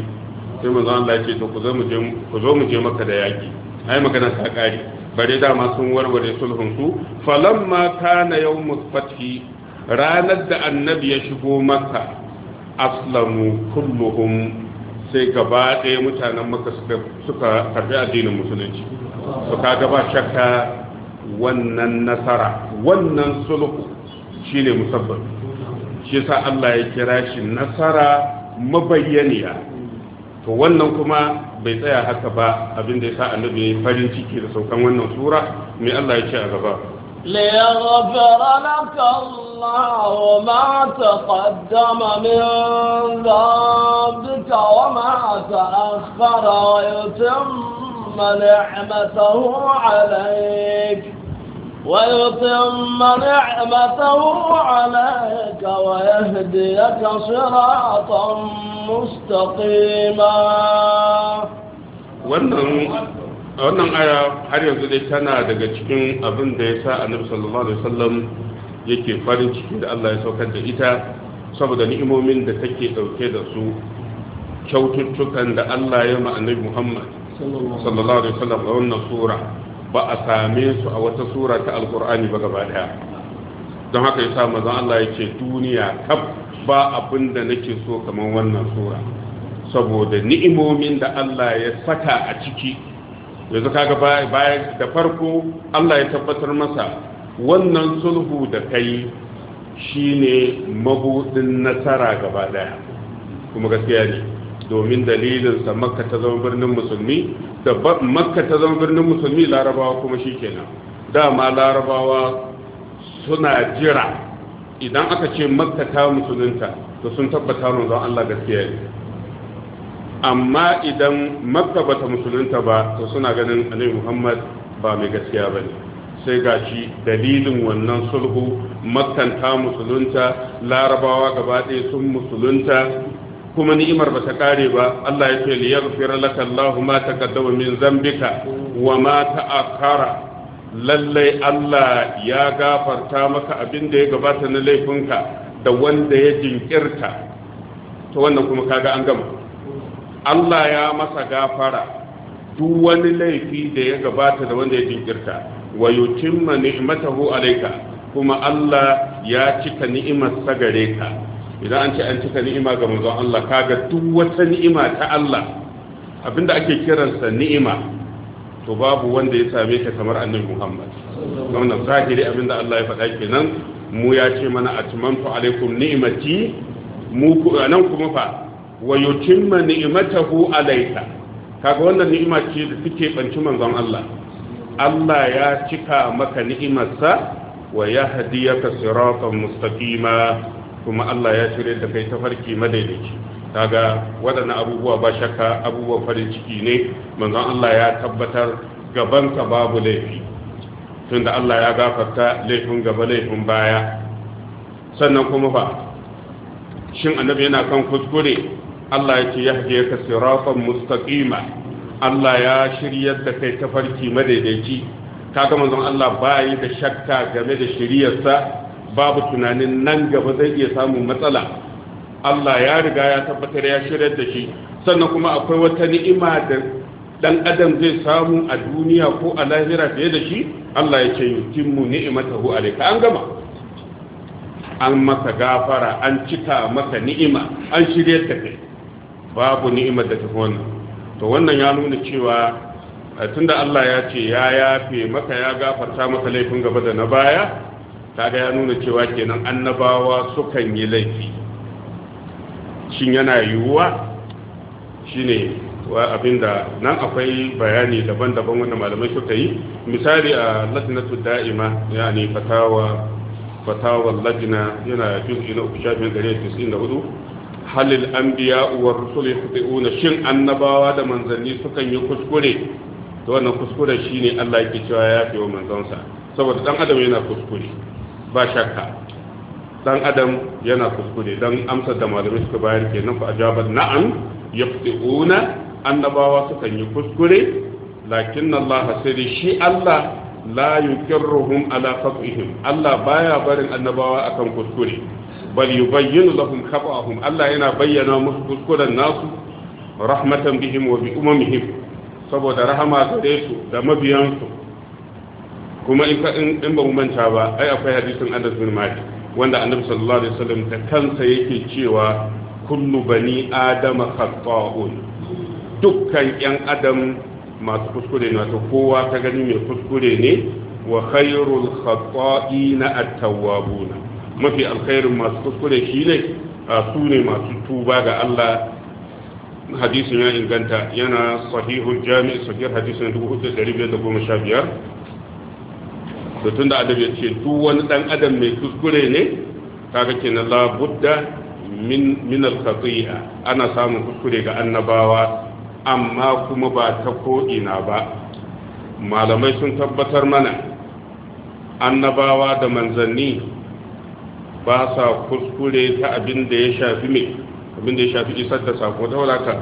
sai manzan Allah ya ce to ku zo mu je makka da yaƙi ai magana ta ƙari bare dama sun warware sulhun su falamma kana yawm fathi ranar da annabi ya shigo makka aslamu kulluhum sai gaba ɗaya mutanen maka suka karfi addinin musulunci su kaga ba shakka wannan nasara wannan sulhu shine musabbab shi sa Allah ya kira shi nasara mabayyaniya to wannan kuma bai tsaya haka ba abinda ya sa annabi farin ciki da saukan wannan sura mai Allah ya ce a gaba ليغفر لك الله ما تقدم من ذنبك وما تأخر ويتم نعمته عليك ويتم نعمته عليك ويهديك صراطا مستقيما a wannan aya har yanzu dai tana daga cikin abin da ya sa annabi sallallahu alaihi wasallam yake farin ciki da Allah ya saukar da ita saboda ni'imomin da take dauke da su kyaututtukan da Allah ya ma annabi Muhammad sallallahu alaihi wasallam a wannan sura ba a same su a wata sura ta alkur'ani ba gaba daya don haka yasa manzon Allah yake duniya kaf ba abin da nake so kamar wannan sura saboda ni'imomin da Allah ya saka a ciki yanzu kaga bayan da farko Allah ya tabbatar masa wannan sulhu da kai shine mabudin nasara gaba daya kuma gaskiya ne domin dalilin sa makka ta zama birnin musulmi da makka ta zama birnin musulmi larabawa kuma shikenan dama larabawa suna jira idan aka ce makka ta musulunta to sun tabbata manzon Allah gaskiya ne amma idan makka bata musulunta ba to suna ganin annabi muhammad ba mai gaskiya ba ne sai ga shi dalilin wannan sulhu makkanta musulunta larabawa gaba ɗaya sun musulunta kuma ni'imar ba ta kare ba Allah ya ce li yaghfir laka Allahu ma taqaddama min zambika wa ma ta'akhkhara lalle Allah ya gafarta maka abin da ya gabata na laifinka da wanda ya jinkirta to wannan kuma kaga an gama Allah ya masa gafara duk wani laifi da ya gabata da wanda ya jinkirta wa yutimma ni'matahu alayka kuma Allah ya cika sa gare ka idan an ce an cika ni'ima ga manzon Allah kaga duk wata ni'ima ta Allah abinda ake kiransa ni'ima to babu wanda ya same ka kamar annabi Muhammad wannan zahiri abinda Allah ya faɗa kenan mu ya ce mana atmantu alaikum ni'mati mu nan kuma fa wa yutimma ni'matahu alayka kaga wannan ni'ima ce da take banci manzon Allah Allah ya cika maka ni'imarsa wa yahdiyaka siratan mustaqima kuma Allah ya cire da kai tafarki madaidaici kaga wadana abubuwa ba shakka abubuwan farin ciki ne manzon Allah ya tabbatar gaban gabanka babu laifi tunda Allah ya gafarta laifin gaba laifin baya sannan kuma fa shin annabi yana kan kuskure Allah ya ce yahdiya ka siratan mustaqima Allah ya shiryar da kai tafarki madaidaici kaga manzon Allah ba yi da shakka game da shiriyarsa babu tunanin nan gaba zai iya samun matsala Allah ya riga ya tabbatar ya shiryar da shi sannan kuma akwai wata ni'ima da dan adam zai samu a duniya ko a lahira fiye da shi Allah ya ce yutimmu ni'imatahu alayka an gama an masa gafara an cika masa ni'ima an shiryar da kai babu ni'imar da tafi wannan to wannan ya nuna cewa tunda Allah ya ce ya yafe maka ya gafarta maka laifin gaba da na baya kaga ya nuna cewa kenan annabawa sukan yi laifi shin yana yiwuwa shine wa abinda nan akwai bayani daban-daban wanda malamai suka yi misali a latinatu da'ima yani fatawa fatawa latina yana juz'i na shafin halil an anbiya wa rusul yakhti'una shin annabawa da manzanni sukan yi kuskure to wannan kuskure shine Allah yake cewa ya fi wa manzansa saboda dan adam yana kuskure ba shakka dan adam yana kuskure don amsa da malamai suka bayar kenan fa ajabat na'am yakhti'una annabawa sukan yi kuskure lakin Allah sai shi Allah la yukirruhum ala fatihim Allah baya barin annabawa akan kuskure bal yubayyinu lahum khata'ahum Allah yana bayyana musu kuskuren nasu rahmatan bihim wa bi umamihim saboda rahama gare su da mabiyansu kuma in ka in ba manta ba ai akwai hadisin Anas bin Malik wanda Annabi sallallahu alaihi wasallam da kansa yake cewa kullu bani adama khata'un dukkan yan adam masu kuskure ne wato kowa ta gani mai kuskure ne wa khairul khata'ina at-tawwabuna mafi alkhairin masu kuskure shi ne su ne masu tuba ga Allah hadisin ya inganta yana sahihul jami'i sahih hadisin 4515 da tun da adam ya ce duk wani dan adam mai kuskure ne kaga kenan la budda min min ana samun kuskure ga annabawa amma kuma ba ta ko'ina ba malamai sun tabbatar mana annabawa da manzanni ba sa kuskure ta abin da ya shafi mai abin da ya shafi isar da sako ta wadaka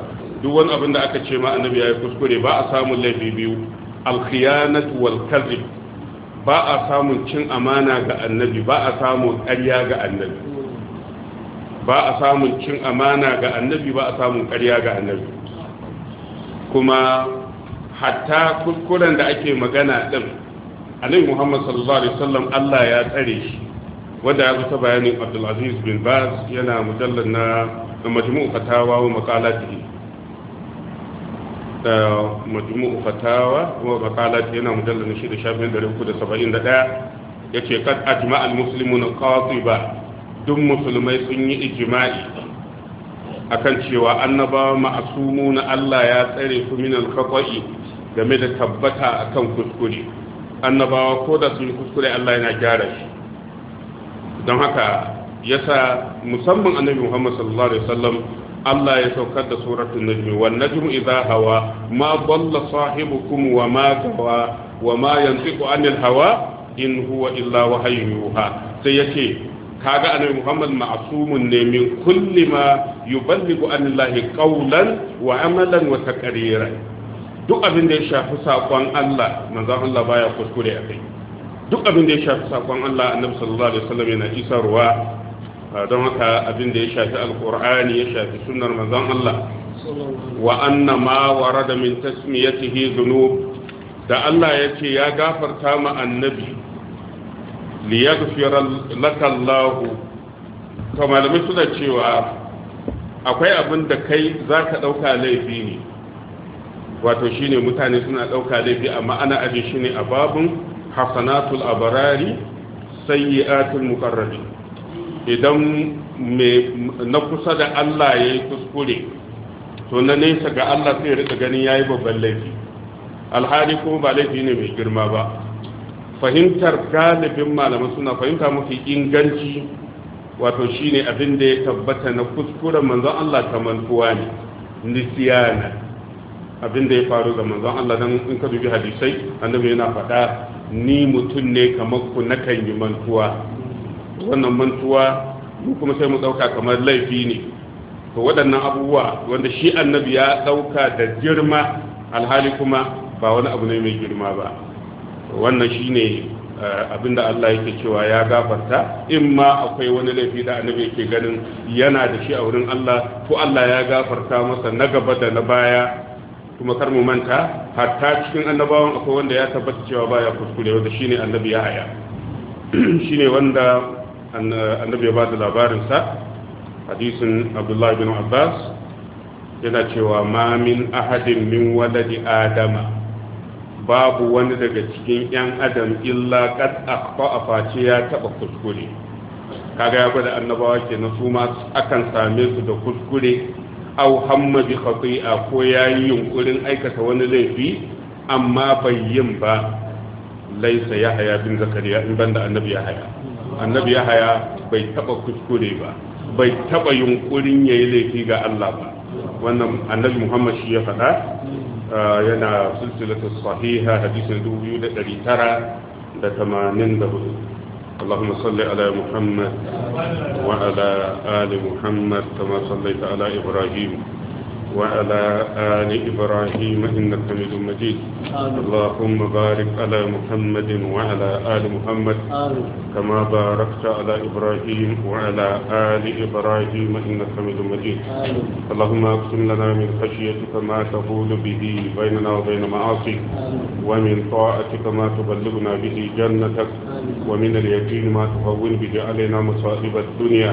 duk wani abin da aka ce ma annabi ya yi kuskure ba a samun laifi biyu alkhiyanat wal kadhib ba a samun cin amana ga annabi ba a samun ƙarya ga annabi ba a samun cin amana ga annabi ba a samun ƙarya ga annabi kuma hatta kuskuren da ake magana din annabi Muhammad sallallahu alaihi wasallam Allah ya tsare shi wanda ya zo ta bayanin abdulaziz bin baz yana mujallar na majmu'u fatawa wa maqalatihi da majmu'u fatawa wa maqalatihi yana mujallar na 6371 yace kad ajma al muslimuna qatiba duk musulmai sun yi ijma'i akan cewa annaba ma'asumu na Allah ya tsare su min al game da tabbata akan kuskure annabawa ko da sun kuskure Allah yana gyara shi don haka ya sa musamman annabi Muhammad sallallahu alaihi wasallam Allah ya saukar da suratul najmi wan najmu idha hawa ma dalla sahibukum wa ma gawa wa ma yantiqu anil hawa in huwa illa wahyun yuha sai yace kaga annabi Muhammad ma'sumun ne min kulli ma yuballighu anillahi qawlan wa amalan wa duk abin da ya shafi sakon Allah manzon Allah baya kuskure a kai duk abin da ya shafi sakon Allah annabi sallallahu alaihi wasallam yana isarwa ah, don haka abin da ya shafi alqur'ani ya shafi sunnar manzon Allah wa anna ma warada min tasmiyatihi dhunub da Allah yace ya gafarta ma annabi liyaghfira laka Allah to malamai suna cewa akwai abin da kai za ka ɗauka laifi ne wato shine mutane suna ɗauka laifi amma ana aje shine ne hasanatul abarari sayyi'atul muqarrabi idan na kusa da Allah yayi kuskure to na nesa ga Allah sai rika ganin yi babban laifi alhali kuma ba laifi ne mai girma ba fahimtar galibin malaman suna fahimta mafi inganci wato shine abin da ya tabbata na kuskure manzon Allah kamantuwa ne nisiyana abin da ya faru ga manzon Allah dan in ka dubi hadisai annabi yana faɗa ni mutum ne kamar ku na kan yi mantuwa wannan mantuwa mu kuma sai mu ɗauka kamar laifi ne to waɗannan abubuwa wanda shi annabi ya ɗauka da girma alhali kuma ba wani abu ne mai girma ba wannan shi ne eh, abinda Allah yake cewa ya gafarta in ma akwai wani laifi da annabi yake ganin yana da shi a wurin Allah to Allah ya gafarta masa na gaba da na baya kuma kar mu manta hatta cikin annabawan akwai wanda ya tabbata cewa baya kuskure wanda shine annabi Yahaya shine wanda annabi ya ba da labarin sa hadisin Abdullah ibn Abbas yana cewa ma min ahadin min waladi adama babu wani daga cikin yan adam illa qad akhfa afati ya taba kuskure kaga ya gwada annabawa kenan su ma akan same su da kuskure aw hamma bi khati'a ko yi yunkurin aikata wani laifi amma bai yin ba laisa yahaya bin zakariya in banda annabi yahaya annabi yahaya bai taba kuskure ba bai taba yunkurin yayi laifi ga Allah ba wannan annabi Muhammad shi ya faɗa yana da sahiha hadisin 2984 اللهم صل على محمد وعلى آل محمد كما صليت على إبراهيم وعلى آل إبراهيم إنك حميد مجيد اللهم بارك على محمد وعلى آل محمد كما باركت على إبراهيم وعلى آل إبراهيم إنك حميد مجيد اللهم اقسم لنا من خشيتك ما تقول به بيننا وبين معاصيك ومن طاعتك ما تبلغنا به جنتك ومن اليقين ما تهون به علينا مصائب الدنيا